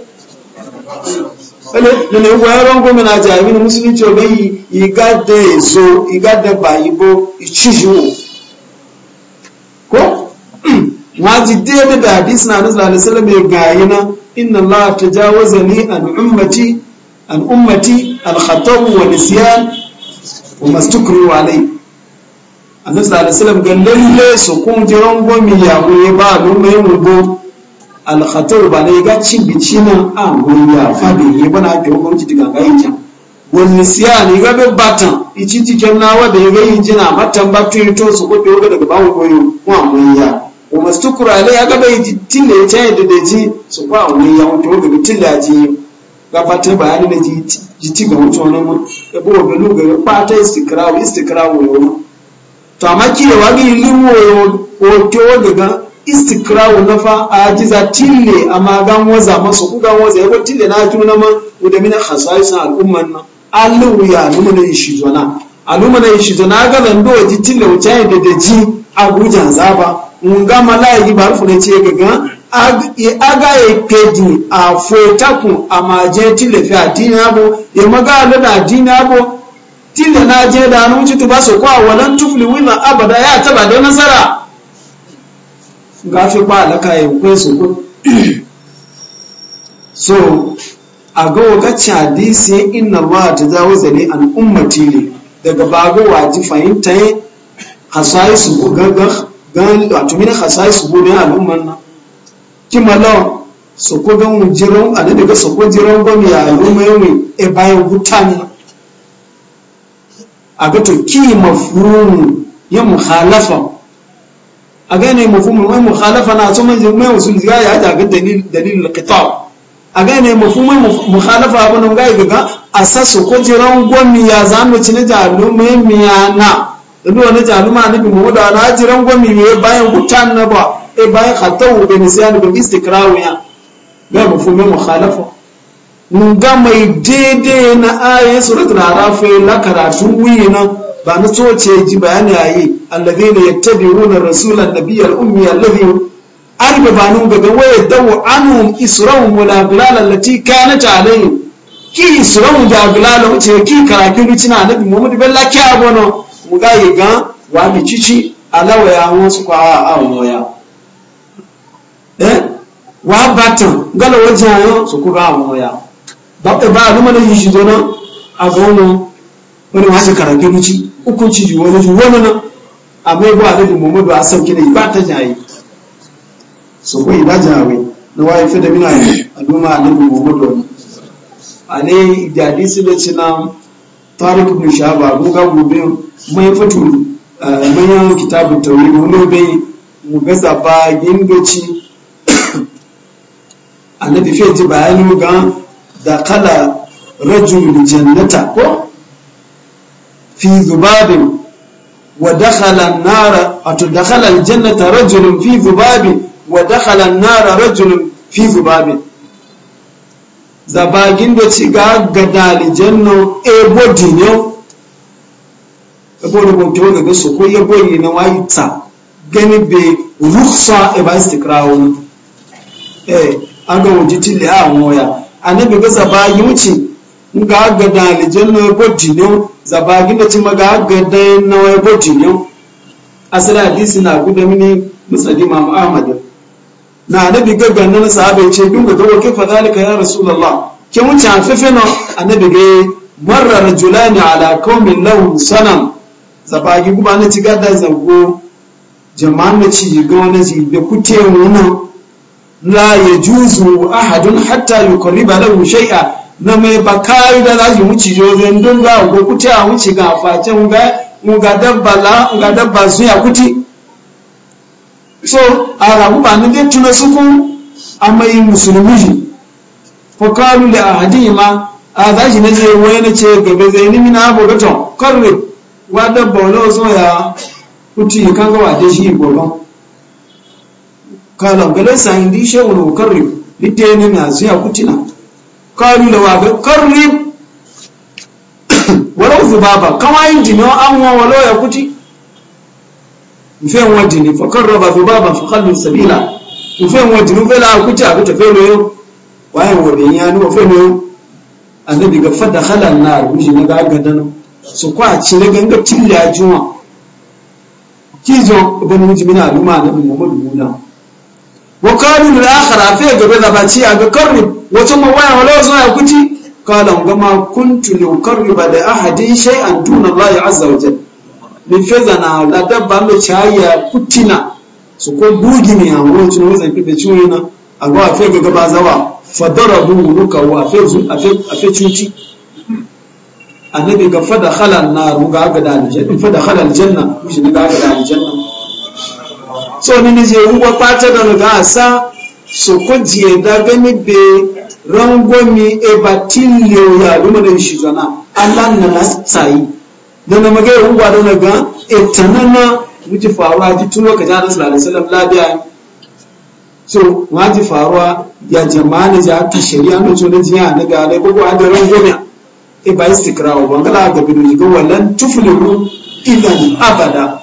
wale nínú ìwọ ẹ̀rọ ń gómìnà àti àmì ní mùsùlùmí tí omi yìí ìgáde èso ìgáde bàyìbó ìtúyìwò kó wọn ti dé níbẹ̀ àdísì náà àdísì náà àdísì náà iná láà tẹjá wọ́sẹ̀ ní àlùmọ̀tì àlùmọ̀tì alxatọ́wù wà ní síyá wà màsítukuru wà lẹ́yìn àdísì náà àdísì náà ga lẹ́lẹ́ sọkún jẹrọ ń gómìnà bá alkhatar ba ne ga cin bici nan an goya fabe yi bana ke hukunci daga gayin can wani siya ne ga bin batan ici cikin na wanda ya gayin jina matan batun to su kuɗe wuga daga bawon goyo kuma goya kuma su tukura ne ya gaba yi tilla ya can yadda da ji su kwa goya wato wuga da tilla ji gabatar bayani da ji ci ga mutu wani mu ya buwa ga luga ya fata istikirawo istikirawo yau to amma kiyawa ga yi lumo ya wato wuga istikrawu na fa a jiza tille amma gan waza masu ku gan waza yabo tille na tuna ma da mina khasaisin al'umman na alluru ya nuna na shi zona aluma na shi zona ga zan do ji tille wuce da da ji abuja zaba mun ga malai ba rufu ne ce ga gan aga a afotakun amaje tille fi adina bo ya maga lo da adina bo tille na je da nu ci ba su kwa walan tufli wina abada ya taba da nasara gafi ba alaka ya kwai su ku so a ga wakacin hadisi inna ba ta zawaza ne an ummati ne daga bago waji fahimta ya hasayi su ku gangan wato mina hasayi su gudun al'umman nan kimalawa su ku gan jiran a da daga su ku jiran gwani a al'umma yau mai e bayan hutani a ga to ki mafuru ya muhalafa a gane mafhumul mai mukhalafa na so mai mai usul ga ya da ga dalil dalil qitab a gane mafhumul mukhalafa abun ga ga asasu ko jiran gomi ya zamu cin jalu mai miya na dole wani jalu ma nabi mu da na jiran gomi mai bayan gutan na ba e bayan khatawu bin nisyan bin istikrawiya ga mafhumul mukhalafa mun ga mai daidai na ayin suratul araf la karatu nan. ba na tsoce ji bayani a yi allazi ne ya tabi wuna rasulan nabiyar ummi allazi an nun gaga waya dawo anhum isra'un wa dagulala lati kanat alayhi ki isra'un gulalar wuce ki karatun na nabi muhammadu bella ki abono mu ga yi gan wa mi cici alawa ya won su kwa a moya eh? wa batan galo wajen yau su ku ga moya ba ba a numanin yi shi dono a zono wani wasu karatun wuce. hukunci ji wani ji wani nan amma ya ba alaihi muhammadu a sauki da ba ta jaye su ko ida jawe na waye fi da mina a alaihi muhammadu ale da hadisi da cina tarik ibn shahaba ko ga gobe mai fatu eh, manyan kitabun tauhid wani bai mu gaza ba gingaci annabi fiye ji bayanin gan da kala rajul jannata ko fi zubabin wa dakhala an-nara atu dakhala jannata rajulun fi zubabin wa dakhala an rajulun fi zubabin zabagin da ci ga gadali janno e bodi ne ebo ko so ko ye bodi na waita gani be rukhsa e ba istikrawo eh aga wujiti le awon ya anabi ga zabagin wuce nga gada alijanna ya bodi ne zaba gina ci maga gada na ya bodi ne asali hadisi na guda mini musali mamu ahmad na anabi gaga na sahabai ce bin ga dawo kifa zalika ya rasulullah ke mun ta fefe no anabi ga marra rajulani ala qaumin lahum sanam zaba gi guba na ci gada zango jama'an na ci ga wani ci da kuke wannan la yajuzu ahadun hatta yuqriba lahu shay'a na mai bakayi da za su wuce jorin don za a ko kuti a wuce ga facen ga dabba dabba su ya kuti so a rabu ba nan dai tuna su ku a mai musulmi shi ko kalu da ahadi ma a za shi na je wai na ce gabe zai ni mina abu gaton karre wa dabba wani wasu ya kuti kan ga wade shi gobe kala galesa hindi shehu na karre litinin na zuya kuti na. kalu da waga karni walau zubaba kama yin jini wa an wa ya kuti mufen wa jini fa karraba zubaba fa kallu sabila mufen wa jini fe kuti a kuta fe loyo waye wa bin ya ni wa ga fada halal na ruji na ga gadan su kwa ci na ganga juma kizo mujmina mu وقالوا للآخر أفيه قبل باتي أقرب وثم وين ولا زنا أكتي قال وما كنت لأقرب لأحد شيئا دون الله عز وجل من فزنا لا دبا لو تشايا كنتنا سكو بوجي مي أمرو تنو زين كده أقوى أفيه قبل زوا فضربوا ملوكا وأفيه أفيه أفيه تشوتي annabi ga fada khala nar mu ga ga da aljanna fada so nini je ngwa pata da ga sa so ko je da gani be rangomi e batin yo ya duma da shi zana Allah na nasai da na maga ngwa da na ga e tanana mu wuji faruwa ji tun lokacin Annabi sallallahu alaihi wasallam labiya so waji faruwa ya jama'a ne ja ta shari'a ne to ne jiya ne ga dai ko ko da rangomi e ba istikrawo bangala ga bidu ga wallan tuflihu idan abada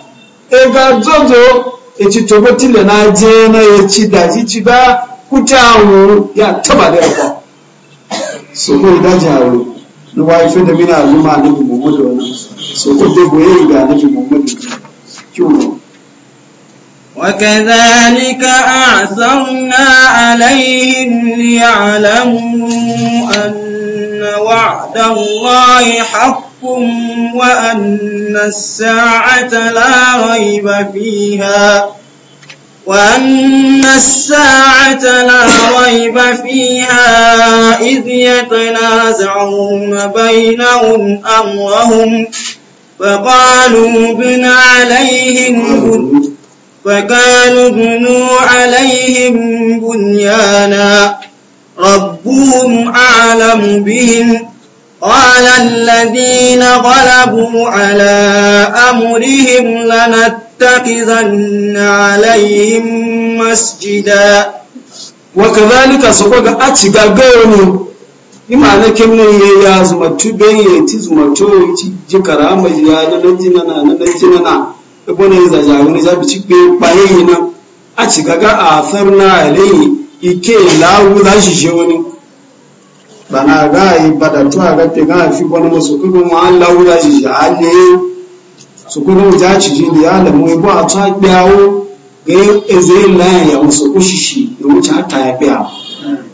e ga zozo eci tobatile na je na eci daji ci ba kuta ya taba da yakwa so ko daji awo ni wa ife da mina aluma na bi muhammadu wani so ko de boye ga na bi muhammadu kiwo وكذلك أعثرنا عليهم ليعلموا أن وعد الله حق ربكم وأن الساعة لا ريب فيها وأن الساعة لا ريب فيها إذ يتنازعون بينهم أمرهم فقالوا ابن عليهم فقالوا ابنوا عليهم بنيانا ربهم أعلم بهم قال الذين غلبوا على أمرهم لنتخذن عليهم مسجدا وكذلك سبق أتغاغوني ima na kimne ya ya zuma tube ya ti zuma to ti ji karama ya na dan jina na na na da bone ya zaja wani za bi na a ci gaga a farna alai ike lawu za shi wani bana ga yi bada to a gafe ga fi wani musu kudin wa an laura shi shi ale su kudin ja ci ji ya da mu ba a ta biyawo ga ezai lan ya musu shi ya wuce ta ya biya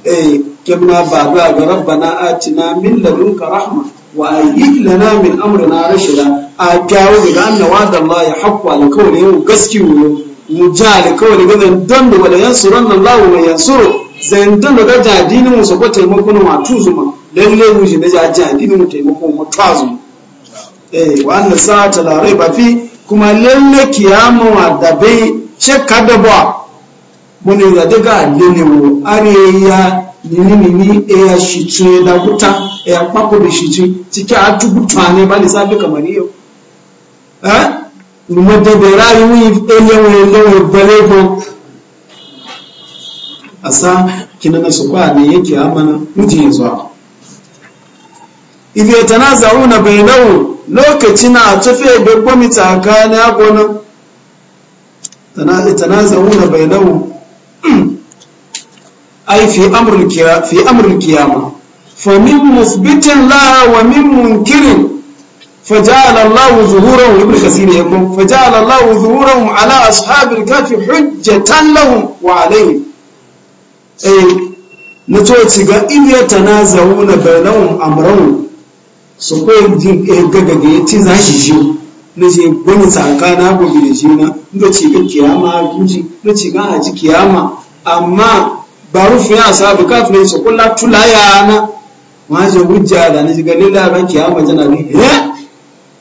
E, eh, kemna ba ga ga rabbana na min da ladunka rahma wa a yi ayyid na min amrina rashida a biyawo daga annawa da Allah ya kawai ne yau gaskiyo mu ja kawai alkawari ga dan da wala yansuranna Allah wa yansuru zandun da gaja addinin mu ko taimakon wa tuzuma lalle mu ji naja ji addinin mu taimakon mu tazuma eh wa anna sa'ata la raiba fi kuma lalle kiyama wa dabe bai shakka ba mun ga daga lalle mu areya nini nini shi shitu da kuta ya kwako da shitu cike a ne ba lissafi kamar yau eh mu madabera rayuwa mu ele mu ele mu balebo asa kina na su kwa ne yake amana muje zuwa ibe tana zauna bai nau lokaci na tafe da gwami tsakani agonan tana zauna bai nau ai fi amrul kiyama fi kiyama fa min musbitin laha wa min munkirin فجعل الله ظهورهم ابن كثير يقول فجعل الله ظهورهم على kafi الكهف حجة لهم وعليهم eh na coci ga iya ta na zaune na bayanawun amurau su kwaye jin eh, gagaga ya ci za shi shi na ce gwani tsaka na gobe da shi na inda ce ga kiyama a guji na ce ga haji kiyama amma ba rufi ya sa buka fi su kula tulaya na waje hujja da na gani lila ban kiyama jana ne ya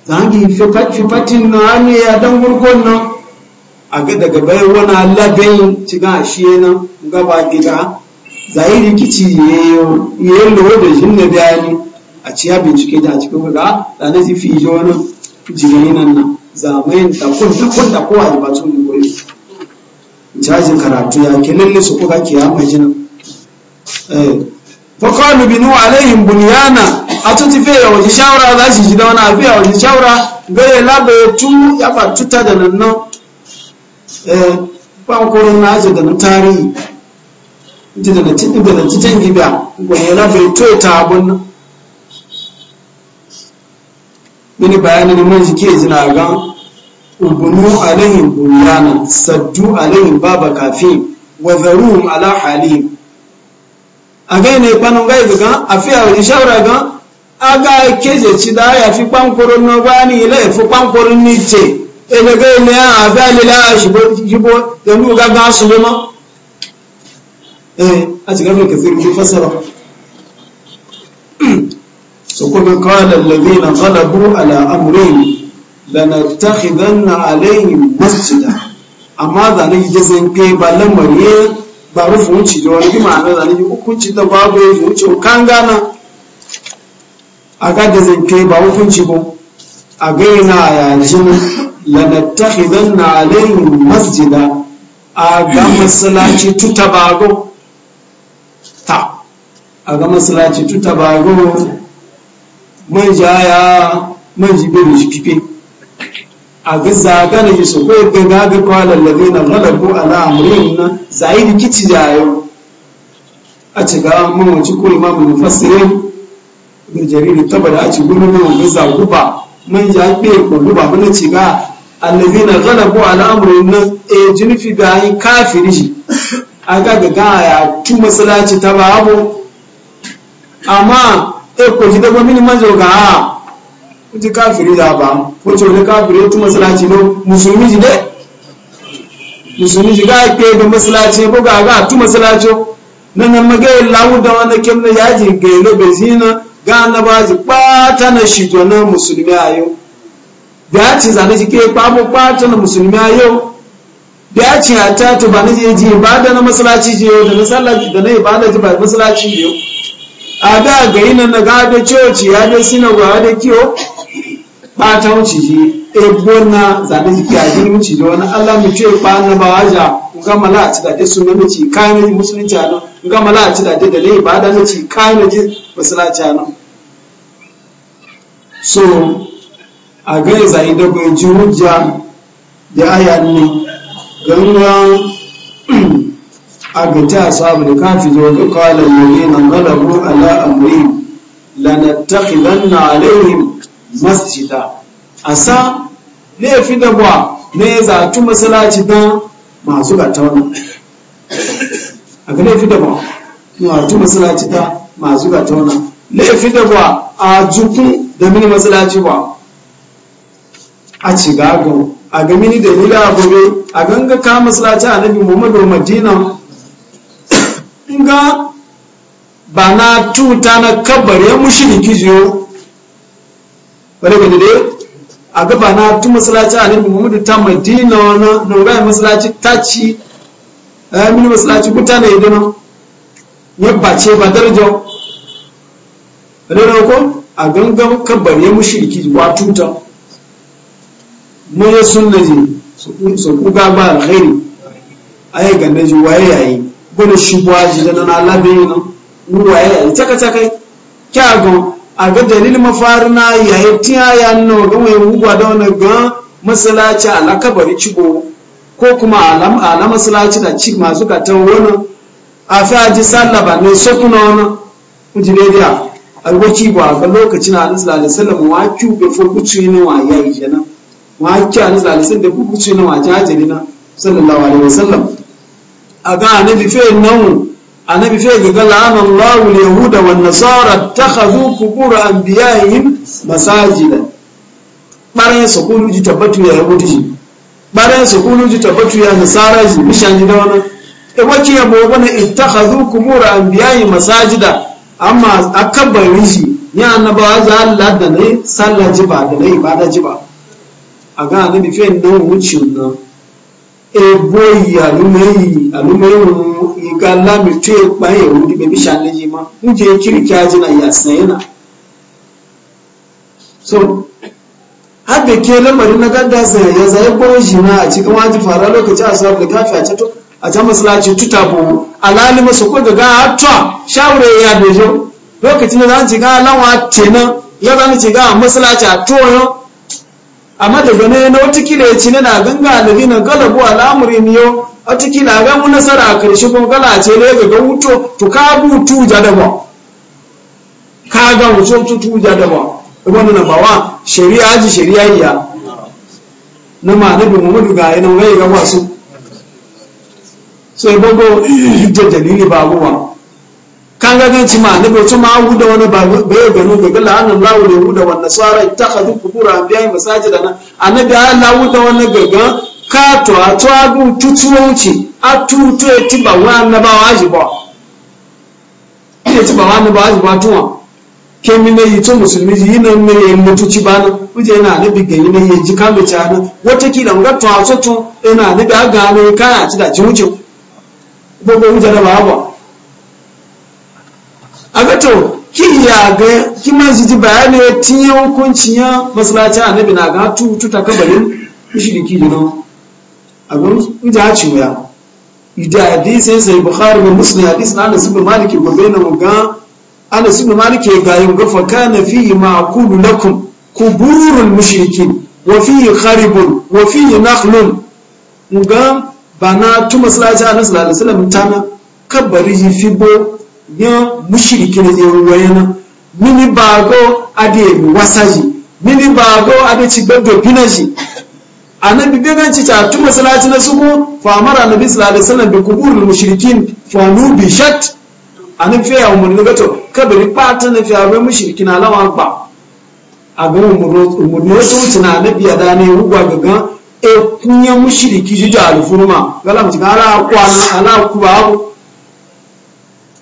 zangi fi fatin na hannu ya dan gurgon nan aga daga bayan wani lagayin ciga a shi yana gaba gida zahiri kici yayin da wadda jin na bayani a ciya bincike da a cikin kuka da na zifi ije wani jigayi nan nan zamayin takun takun da kowa da batun da goyi jajin karatu ya ke lalle su kuka ke yamma jina eh, fakalu binu alaihim bunyana a tuti fiye ya waje shawara za su ji da wani abu ya waje shawara gaya labe tu ya fa tuta da nan nan kwankwurin eh, na da ganin tarihi ji daga cikin daga cikin gida wani na bai toye ta abun nan mini bayanin man jike jina ga ubunu alaihim bunyana saddu alaihim baba kafi wa zaruhum ala halim a ga ne kwanan gai ga a fi a shawara ga a ga keje ci da ya fi kwankwarin na gwani ila ya fi kwankwarin ni ce ẹgbẹgbẹ ilẹ àbẹ àlelá ṣìbọ pẹlú gágá ṣùlẹmọ ẹ àti gágá kẹfìrì ju fẹsẹrọ sọkọmi kọ́ọ̀dà lẹ́gbẹ́ iná kọ́dàbú àlà amúrẹ́yìn lẹ́nà tàkìdánà àlẹ́yìn mọ́sídà amma zane ji jazin ke ba lamari ba rufin wuce da wani ma'ana zane ji hukunci da babu ya wuce kan gana a ga jazin ke ba hukunci ba a gaina a yajin lanattakhidanna alaihim masjida a ga masallaci tutabago ta a ga masallaci tutabago man jaya man jibiru shi a ga zagana yi su kai ga gaga kwanan lalabe na lalabu ala amurin na zai da kici jayo a ci ga mawaci ko imamu na fasirin da jariri taba da a ci gudu na wanda zaguba Mun ja ɓe ko ba mana ci ga allazina ghalabu ala amrin nan e jinifi da yi kafiri aga ga ga ya tu masalaci ta babu amma e ko ji da man manzo ga a ah, kuti kafiri da ba ko to ne kafiri tu masalaci no musulmi ji de musulmi ji ga ke da masalaci ko ga ga tu masalaci na nan magai lawu da wanda kemna yaji ga bezina zina ga na ba ta na shi na musulmi ayo da ci zane shi ke babu kwata na musulmi a yau da ci a tatu ba na jeji ibada na masalaci je yau da na sallaci da na ibada ji ba masalaci yau a da gari nan na ga da coci ya da sinagoga da kiyo ta wuce ji ebo na zane shi ke a jini wuce da wani allah mu ce ba na ba waja ga mala da su na mace kayan na musulunci a nan ga mala a ci da da na ibada na ci kayan na ji masalaci a nan so a gai zai da bai ji hujja da aya ne gangan a gaji a sabu da kafi zo da kwalar yare na galabu ala amri na alaihim masjida a asa laifi da ba ya zaci masalaci don masu gata wani a ga laifi da ba zaci masalaci don masu gata wannan laifi da ba a jukun da mini masalaci ba a cigagon a ga ni da yi gobe a ganga ka a nabi muhammadu madina nga ba na tuta na kabar ya da kijiyo bare gani dai a ga ba na tu a nabi muhammadu ta madina na na ga masallaci ta ci eh mini masallaci kuta na idana ya bace ba darajar bare ko a gangan kabar ya kijiyo wa tuta mana yi sun naji su kuga ba a yi gane ji waye yayi gona shubuwa ji da na yi nan waye yayi taka taka kya go a ga dalil na yayi tiya ya no ga waye hugwa da wani ga masalaci alakabari cigo ko kuma ala masalaci da ci masu ka ta a fa ji sallaba ne sokuna wannan kujire dia alwaki ba ga lokacin annabi wa ku be fo yi ne wa yayi kenan wa kya ni zalisin da kuku ce na wajen hajjali na sallallahu alaihi wasallam a ga annabi fe nan annabi fe ga ga la'anan Allahu yahuda wan nasara takhadhu qubur anbiya'ihim masajida barin su kulu ji tabbatu ya yahudi barin su kulu ji tabbatu ya nasara ji bishan ji da wannan e wace yabo bana an biya anbiya'ihim masajida amma a kan akabari shi ni annabawa za Allah da ne sallah ji ba da na ibada ji ba a ga annabi fen nan wuce nan eboyi alumeyi alumeyi wọn iga lami tó ipa ẹ̀wọ̀n ní bẹ̀bí ṣàlẹ́yìn ma ń jẹ́ kíríkí ajínà yàsẹ̀ yìí nà so be ke lamarin na se ya zai bo ji na a cikin waji fara lokaci a sarar da kafi a can maslaci tuta bu alali masu ko daga hatta shawure ya dojo lokacin da zan ci ga lawa tenan ya zan ci ga masalaci a toyo amma daga ne na watakila ya ci na na ganga da dina galabu al'amuri ne a watakila ga mu nasara a karshe kuma a ce ne ga wuto to ka butu jadawa da ba ka ga wuto to tu ja da ba wannan na bawa shari'a ji shari'a ya na ma bin muhammadu ga yana ga wasu sai gogo hijjar (laughs) dalili ba gowa an ga ganci ma annabi wato ma huda wani bai gano ga galla an Allah da huda wannan nasara ittakhadhu qubura anbiya'i masajidana annabi Allah huda wani gaga ka to a to agun tutuwanci a tutu e tiba wa annabawa ji ba e tiba wa annabawa ji ba tuwa kemi min yi to musulmi yi na ne ya mutuci ba na kuje na annabi ga yi na ya ji kambe ta na wata kila ga to a to yana annabi a ga ne kana ci da jiwuce gogo wuje da ba ba aga to kin ya ga kin man ji bayani tin ya hukunci ya masallacin annabi na ga tu tuta kabarin mushriki dino abun uja ci ya ida hadisi sai bukhari da muslim hadisi na Anas ibn Malik ko na muga ana Anas ibn Malik ga yin ga fa fi fihi ma'qulu lakum kuburul mushrikin wa fihi kharibun wa fihi nakhlun mu ga bana tu masallacin Anas sallallahu alaihi wasallam tana kabari fi bo biyan mushirikin zai mini bago ade wasaji mini bago ade ci gbogbo pinaji annabi bai ganci ta tu masalaci na suku fa amara annabi sallallahu alaihi wasallam bi quburul mushrikin fa nu bi shat annabi ya yawo mun gato Kabiri pata na fi abai mushrikin alawa ba a ga mun rotu tuna annabi ya dane rugwa gaga e kunya mushriki jija alfurma galam ci ala kwana ala kubabu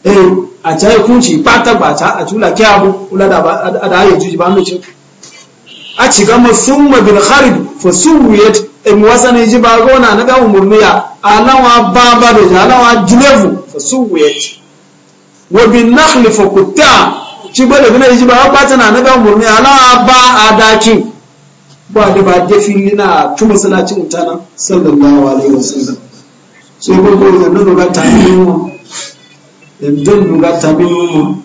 eh a ta yi kunci bata bata a tula kyabu kula da ba a da haye juji ba mu ci a ci ga masumma bil kharib fa suwiyat in wasa yi ji ba gona na ga umurniya alawa baba da alawa julevu fa suwiyat wa bin nakhl fa kutta ci ba da yi ji ba bata na na ga umurniya alawa ba a daki ba da ba da filina tu masallacin mutana sallallahu alaihi wasallam sai ko ko da nan ga ta yi ibdan nuga tabinumu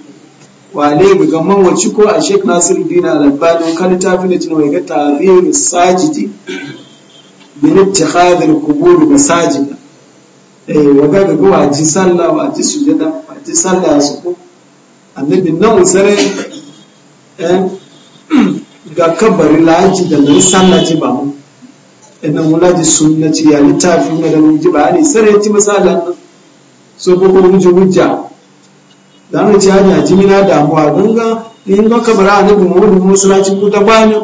wale buga mawaci ko a sheik nasir dina al-albani kan tafi da tunawa ga tarihi sajidi min ittikhadh al-qubur masajid eh waga ga wa ji sallah wa ji sujada wa ji sallah su ko annabi nan usare eh ga kabari laji da nan sallah ji ba mu inna eh, mulaji sunnati ya litafi tafi da mu ji ba ne sare ti misalan nan so ko kuma mutu hujja da ana ci hanya jini na damuwa ganga in ba ka ga kamar annabi Muhammad musulaci buda bani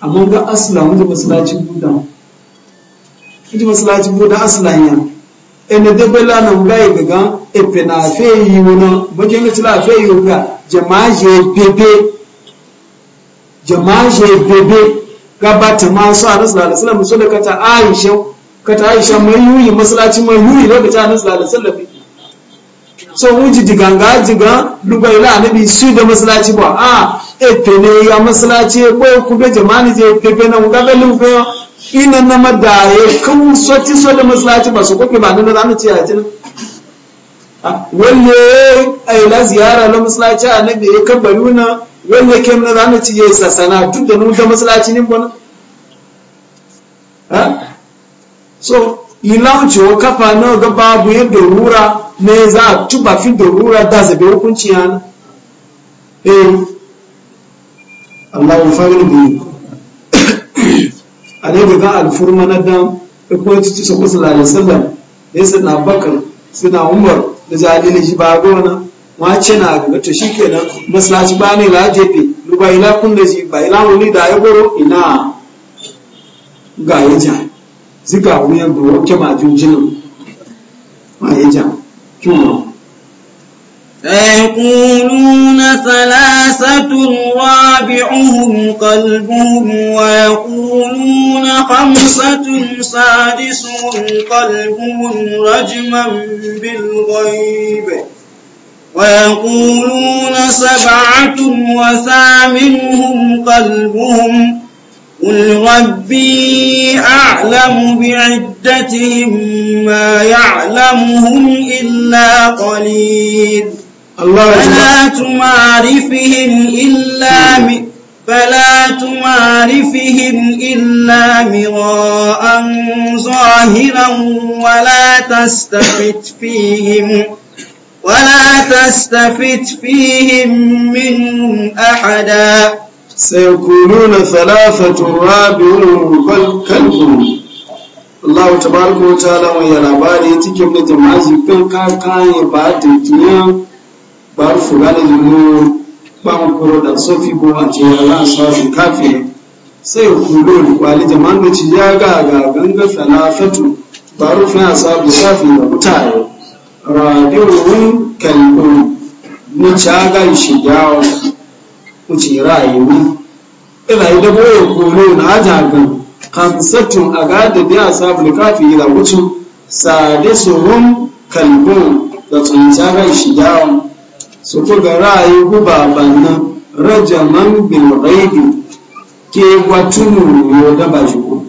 amma ga asila wanda musulaci buda kiji musulaci buda asla ya ene debela na ngai gaga e pena fe yiwona boje ngi tla fe yiwona jama'a je bebe jama'a je bebe gabata ma su a nasu da alasalar musu da kata aisha ka ta aisha mai yuyi masalacin mai yuyi lokacin annabi sallallahu alaihi wasallam so mun ji diganga jiga lubaila annabi su da masalaci ba a e ne ya masalaci ko ku ga jamani je pepe na ga lu ko ina na madaye kun so ti so da masalaci ba su ko ke ba nan da ce a jin wanne ai la ziyara na masalaci annabi eh, ya kabbaruna wanne kem na zamu ci je sasana duk da nun da masalaci nin bona so ilauci wa kafa na ga babu yadda rura ne za a ba fi dorura da zabe hukunci yana eh Allah ya fara da a daga ga alfurma na dan ko ci ci salari sallallahu alaihi wasallam na bakar su na umar da jalili shi ba gona ma ce na ga ke nan masalaci ba ne la jefe ruba ila kun da shi ba ila wani da ya goro ina ga yaja zika wuya gbogbo kí ọba ju jìnnà wọn yé jà kí wọn. سيقولون ثلاثة رابعهم قلبهم ويقولون خمسة سادسهم قلبهم رجما بالغيب ويقولون سبعة وثامنهم قلبهم قل ربي أعلم بعدتهم ما يعلمهم إلا قليل فلا تمعرفهم إلا فلا تمعرفهم إلا مراء ظاهرا ولا تستفت فيهم ولا تستفت فيهم منهم أحدا سيقولون ثلاثة رابعهم بل كلبهم Allah tabaraka wa ta'ala mai labari take mu da maji kan kakan ba da duniya ba fuga da duniya ba mu kuro da sofi ko a ce Allah sa sai kulo da kwali jama'an da ci ya ga ga ganga salafatu ba rufin asabu safi da mutane rabi'un kalbun mu ci ga shi yawo wuce ra'ayi ina yi da boye kolo na ajagun kamsattun a gada biya sabu da kafi da wucin sade su hun kalbun da tsunta rai shi dawon su kuga ra'ayi guba bannan rajaman bin raibi ke gwatunu yo da bajiku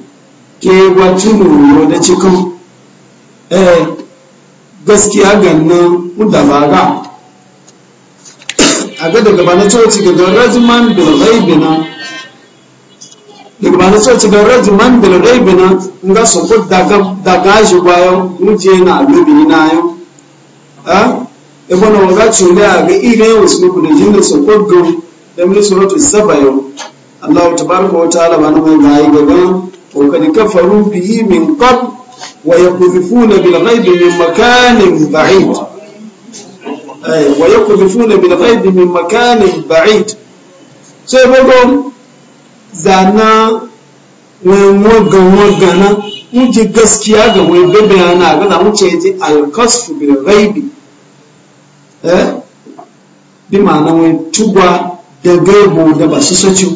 ke gwatunu yo da cikin gaskiya gannan da a ga daga ba na coci daga rajiman bilghaibina daga ba na coci daga rajiman bilghaibina in ga su kut daga shi bayan muje na alubi na yau a ibana wanga cule a ga ire su ku da jinda su kut gun da mini suratu saba yau allahu tabaraka wa ta'ala ba na mai gayi gaba wa kad kafaru bihi min qab wa yaqdhifuna bil ghaibi min makanin ba'id wa yakudifuna bil ghaibi min makanin ba'id sai bago zana wani gana in ji gaskiya ga wani bebe yana gana wuce ji alkasfu bil ghaibi eh bi ma'ana wani tugwa da gaibo da ba su sace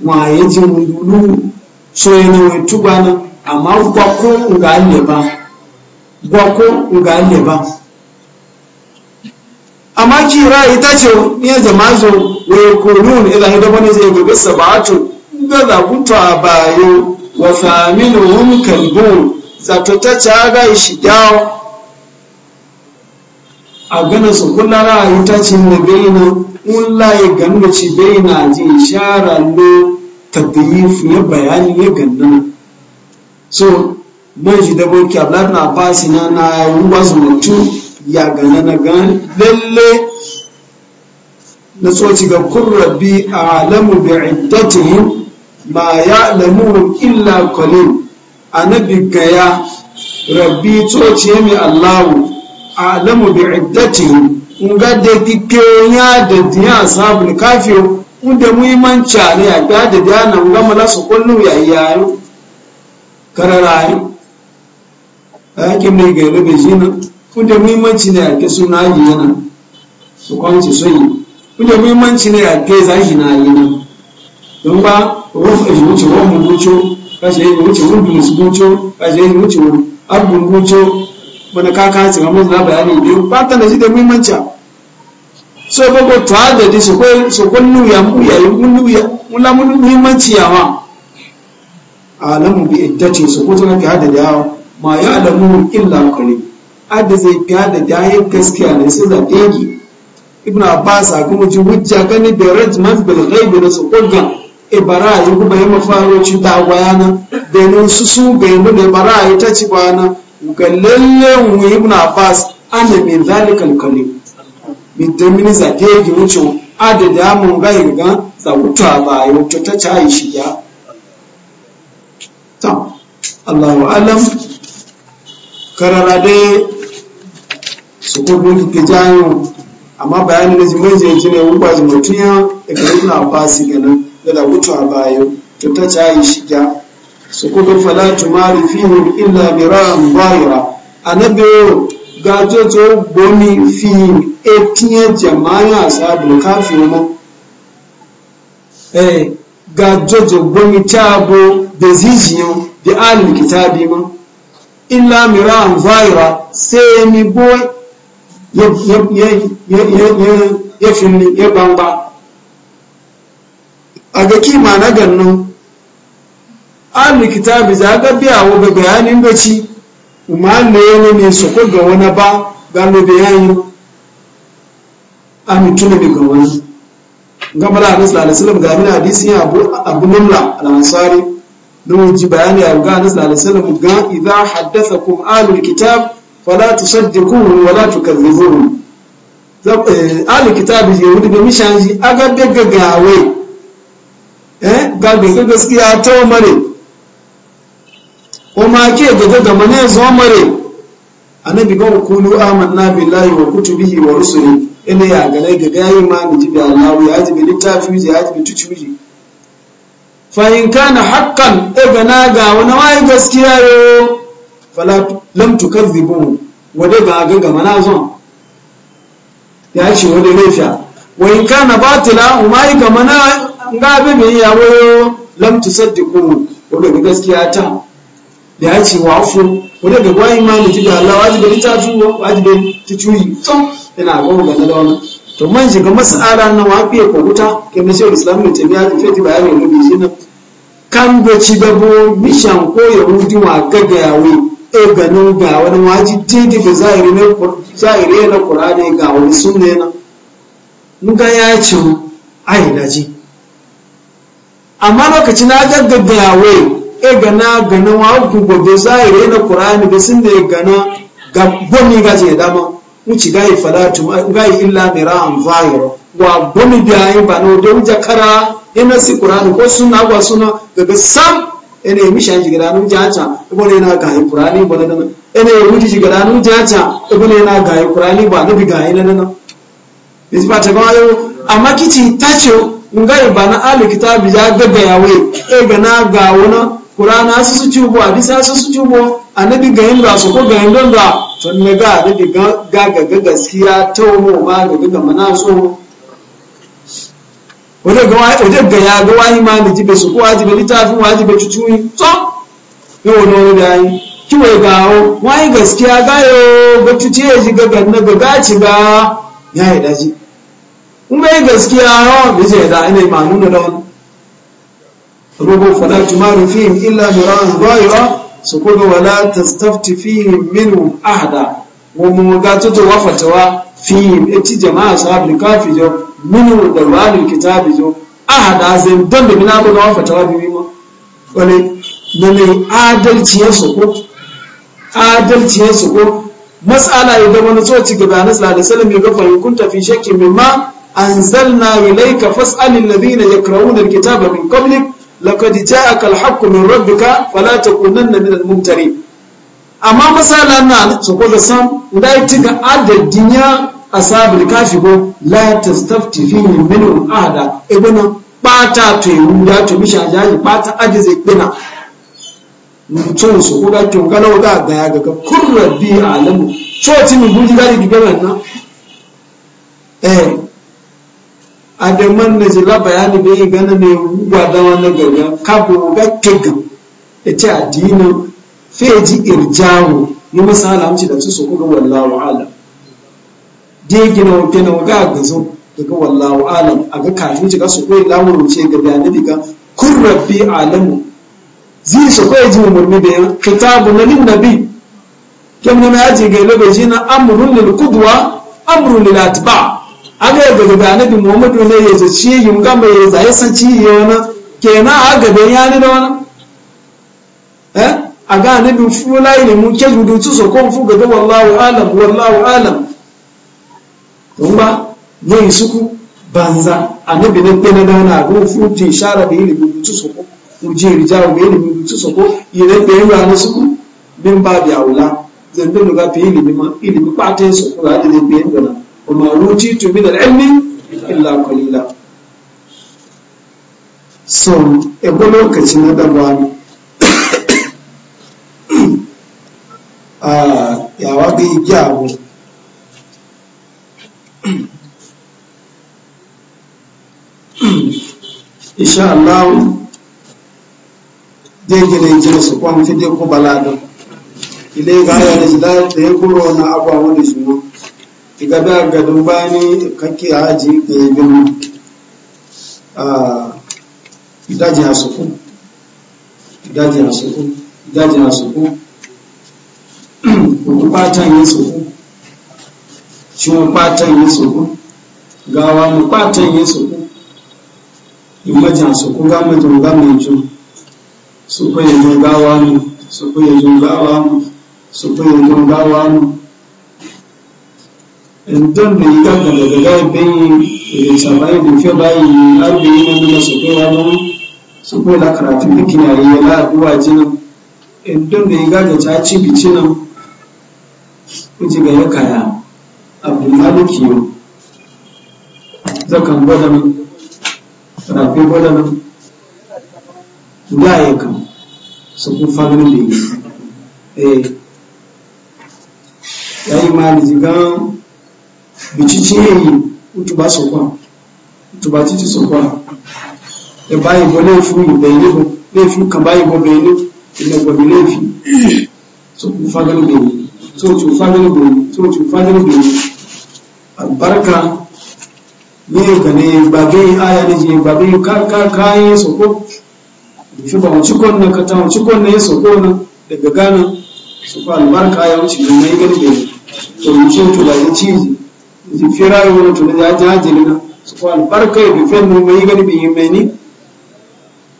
wa ya ji wani so yana wani tugwa na amma gwakon ga ba gwakon ga ba amma kira ita ce ya jama'azo wa ya kunun idan ido dabani zai gobe sabatu ga zakuta a bayo wa familin kalbun zato ta caga shi dawo a gane su kula ra'ayi ta ce na bayina un laye ganu ce ci bayina ji shara lo tabiyifu ya bayani ya ganna so mai shi dabo kyablar na fasina na na yi wasu mutum ya gana na gane lalle na tsoci ga kurrabi a alamu da iddatihim ma ya alamu illa na anabi gaya rabbi tsoci mi allahu a alamu bi in nga da dike ya da diya sabon kafiyo inda muhimmanci ne a ga da diya na nga mala su kullum ya yayo kararayi yakin mai ga yabe zina kuda muhimmanci ne a ke suna yi yana su kwanci so yi kuda muhimmanci ne a ke shi na yi nan don ba rufe shi wuce mu mucu kashe yi wuce wani mucu kashe yi wuce wa abun mucu wani kaka su ga mutu na bayani biyu fatan da shi da muhimmanci so gbogbo ta da di su kwallo ya mu ya yi mulamun muhimmanci yawa alamu bi iddace su kutu na ke da yawa ma ya mu illa kwallo adda zai fiya da dayan gaskiya ne sai zaɓe ki ibn abbas a kuma ji hujja gani da rajman bil ghaibi da su kogga e bara yi kuma yi mafaro ci ta gwayana da yi su su ga yi da bara yi ta ci gwayana ga lalle mu ibn abbas ana min zalikal kalim min da mini zaɓe ki wuce adda da mun ga yi ga za wuta ba yi wuta ta ci a yi shi ya. Allahu alam karara dai ita gunki ka jayo amma bayanin da jimai zai kine wuba jimotun ya daga ibn abbas ganin da wuce a bayo to ta cayi shiga su kuka fala tumari fihim illa mira'an bayira anabi gajo to gomi fihim etinye jama'a sabu kafin mu eh gajo to gomi tabo da zijiyan da alil kitabi mu illa mira'an bayira sai mi boy ya finni ya gbangba a ga kima na gannu ahli bi za ga biya wa ga bayanin gaci kuma ne yana ne su ko ga wani ba ga mu bayani a mutune daga wani gama da hadis lalisalam ga min hadisi ya abu abu namla al-ansari don ji bayani a ga hadis lalisalam ga idza haddathakum ahlul kitab fala tusaddiquhu wala tukadhibuhu ali kitabi je yahudi da mishanji aga daga gawe eh ga daga gaskiya to mare O ma ke daga ga mane zo mare annabi ga kulu amanna billahi wa kutubihi wa rusuli ina ya ga daga gayi ma ni ji Allah ya ji littafi ya ji tuci fa in kana haqqan e ga na ga wani wai gaskiya yo fala lam tukazzibu ba a ga gama na zon ya ce wade lafiya wa in kana batila umai gama na ga bi bi ya wayo lam tusaddiqu wade ga gaskiya ta da ya ce wa afu wade ga gwai ma mu da Allah wajibi ta fi wajibi ta cuyi to ina ga ga na launa. to man shiga mas'ala na wafiye ko wuta ke na shehu islamu ta biya ta feti ya mu bi shi na kan gaci dabo mishan ko yahudi wa gaggayawe e ganin ga wani waji titi fi zahiri na zahiri na ga wani sunne na muga ya ce ai naji amma lokacin na gaggaga yawe e gana ganin wa gugu zahiri na sun da ya gana ga gomi ga ya dama wuce ga yi falatu ga yi illa miran zahiri wa gomi da yi ba na wajen jakara yana si qur'ani ko suna ga sunna daga sam ene yi mishan jigida nu jaja ibo ne na gayi kurani ba na dana ene yi wuji jigida nu jaja ne na gayi kurani ba na bi gayi na dana yanzu ba ta gawa yau amma kici ta ce ngai ba na ali kitabi ya gaba yawe e ga na ga wani kurana su su tubo hadisa su su tubo annabi ga yin da su ko ga don da to ne ga da ga gaga gaskiya ta omo ma ga ga mana so odaga gaya ga wani ma da jibe su ko wajibe littafin wa wajibe cucuyi to yau wani wani da yi ya gawo wani gaskiya gayo ga cuci ya ji ga ganna ga gaci ga ya yi daji in bai gaskiya hawa da ce da ina ma nuna da wani rubu fada tumaru fihim illa miran zahira su kuma wala tastafti fihim minhum ahada wa mu ga tutu wa fatawa fihim eti jama'a sahabul kafi jau minu da wani kitabi jo hada zan don da mina gudu wafa tawabi bima wani na mai adalci ya soko adalci ya soko matsala ya zama na tsoci gaba na sallallahu alaihi wasallam ya ga fahimkun tafi shakkin mimma anzalna ilayka fas'alil ladina yaqra'una alkitaba min qablik laqad ja'aka alhaqqu min rabbika fala takunanna min almumtarin amma matsala na soko da sam da ci ga adadin ya asabul kashi ko la tastafti fi minhum ahada ibn bata to da to misha jaji bata aje zai dina mutum ko da to kana ga ga ya ga kurra bi alamu so ti mi buji gari bi gaban na eh adaman ne zila bayani bai gana ne e da wannan ka ko ga kega ita addinin feji irjawo ni misala amci da su ko ga wallahu alam dege na wa na wuga ga zo daga wallahu alam a ga kafin shiga su kai lamurin ce ga bayanin diga kun rabbi alamu zai su kai ji umarni da yan kitabu na lin nabi kem na yaji ga lobe shi na amrun lil qudwa amrun lil atba aga ga ga bi muhammadu ne ya zaci yi ga mai zai san ci yana kenan aga ben yani da eh? a eh aga nabi fulai ne mu ke gudu su so kon fu ga wallahu alam wallahu alam ngba ne suku banza annabi na gbena dana go futi shara bi ni butu soko uje rija bi ni butu soko ire pe ru na suku bin ba bi aula zan bin ga bi ri ma ri mi pate soko ga de bi en dana o ma ruti tu min al ilmi illa qalila so e bo lokaci na da bani ah ya wa bi jawo insha Allah dai gidan gina su kwan fide ko balado ile ga ya ne da da ya kuro na abuwa wani su diga da ga ni kake haji da ya bin a idaji asuku idaji asuku idaji asuku ko patan yin suku shi mu patan yin suku gawa mu patan yin suku imajan su ku gama ga mai ju su ku yi gawa mu su ku yi gawa mu su ku yi gawa mu don da yi da daga gaibin da tsamai da har da yi ne nuna su ku wa mu su ku la karatun dukkan yayi ya la uwa jinan don da yi gaga ta ci bici nan ku ji ga ya kaya abdulmaliki yau zakan gwada mu fana kai gwada nan ya kan su kun faganin da yi eh ya yi ma lizigan bicici yayi utu ba kwa. utu ba titi sokwa yi bo laifin bai, bo laifin kan ba yi bo bayani ina gwabi laifin so kun faganin da yi so kun faganin da yi so kun faganin da yi albarka miye gane babe aya ne je babe ka ka kaye so ko shi ba wuci kon kata wuci kon ne so ko daga gana su ko albarka ya wuce ne mai gani ne to wuce to da ya ci ji fira yo to da ya jaje ne su ko albarka ya bi fen mai gani bi mai ni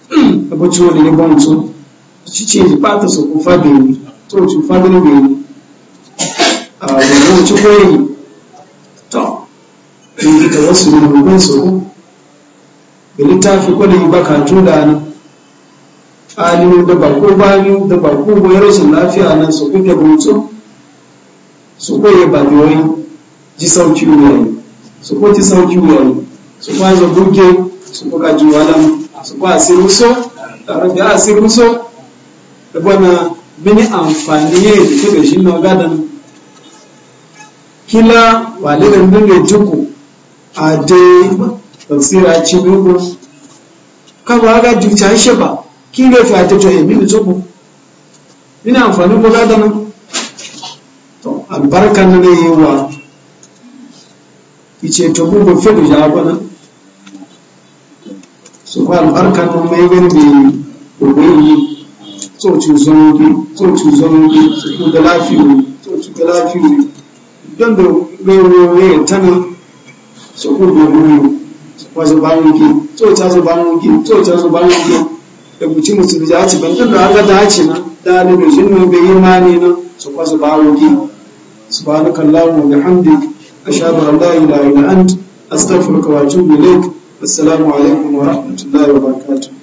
(clears throat) abu ciwo ne ba mutu ci ce ji fata so fa ci fa da wasu ne su ku da littafi kwanan ba ka tuna ne aliyu da bako ko bayu da bako ko bayar su lafiya nan su ku da mutu su ku ya bani wani ji sauki wuyayi su ku ji sauki wuyayi su kwa zo buge su kuka ji wadan su kwa asiru so tare da asiru so da bana bini amfani ne yi da shi na gadan kila walilan nan ya ade tafsira ci bugu kama ga duta shi ba kin ga fa ta to hemi mi tsoko ina amfani ko da nan ne yawa ice to bugu fe du ja bana so ko albarkan mun mai gani bi ubayi to ci bi to ci zon bi ko da lafiyo to ci da lafiyo don da tana sokun gbogbo wazo bangi to ta zo bangi to ta zo bangi da mutum mutum da ci ban da aka dace na da ne da jinnu bai imani na su kwazo bangi subhanaka allahumma wa bihamdik ashhadu an la ilaha illa ant astaghfiruka wa atubu ilaik assalamu alaikum wa rahmatullahi wa barakatuh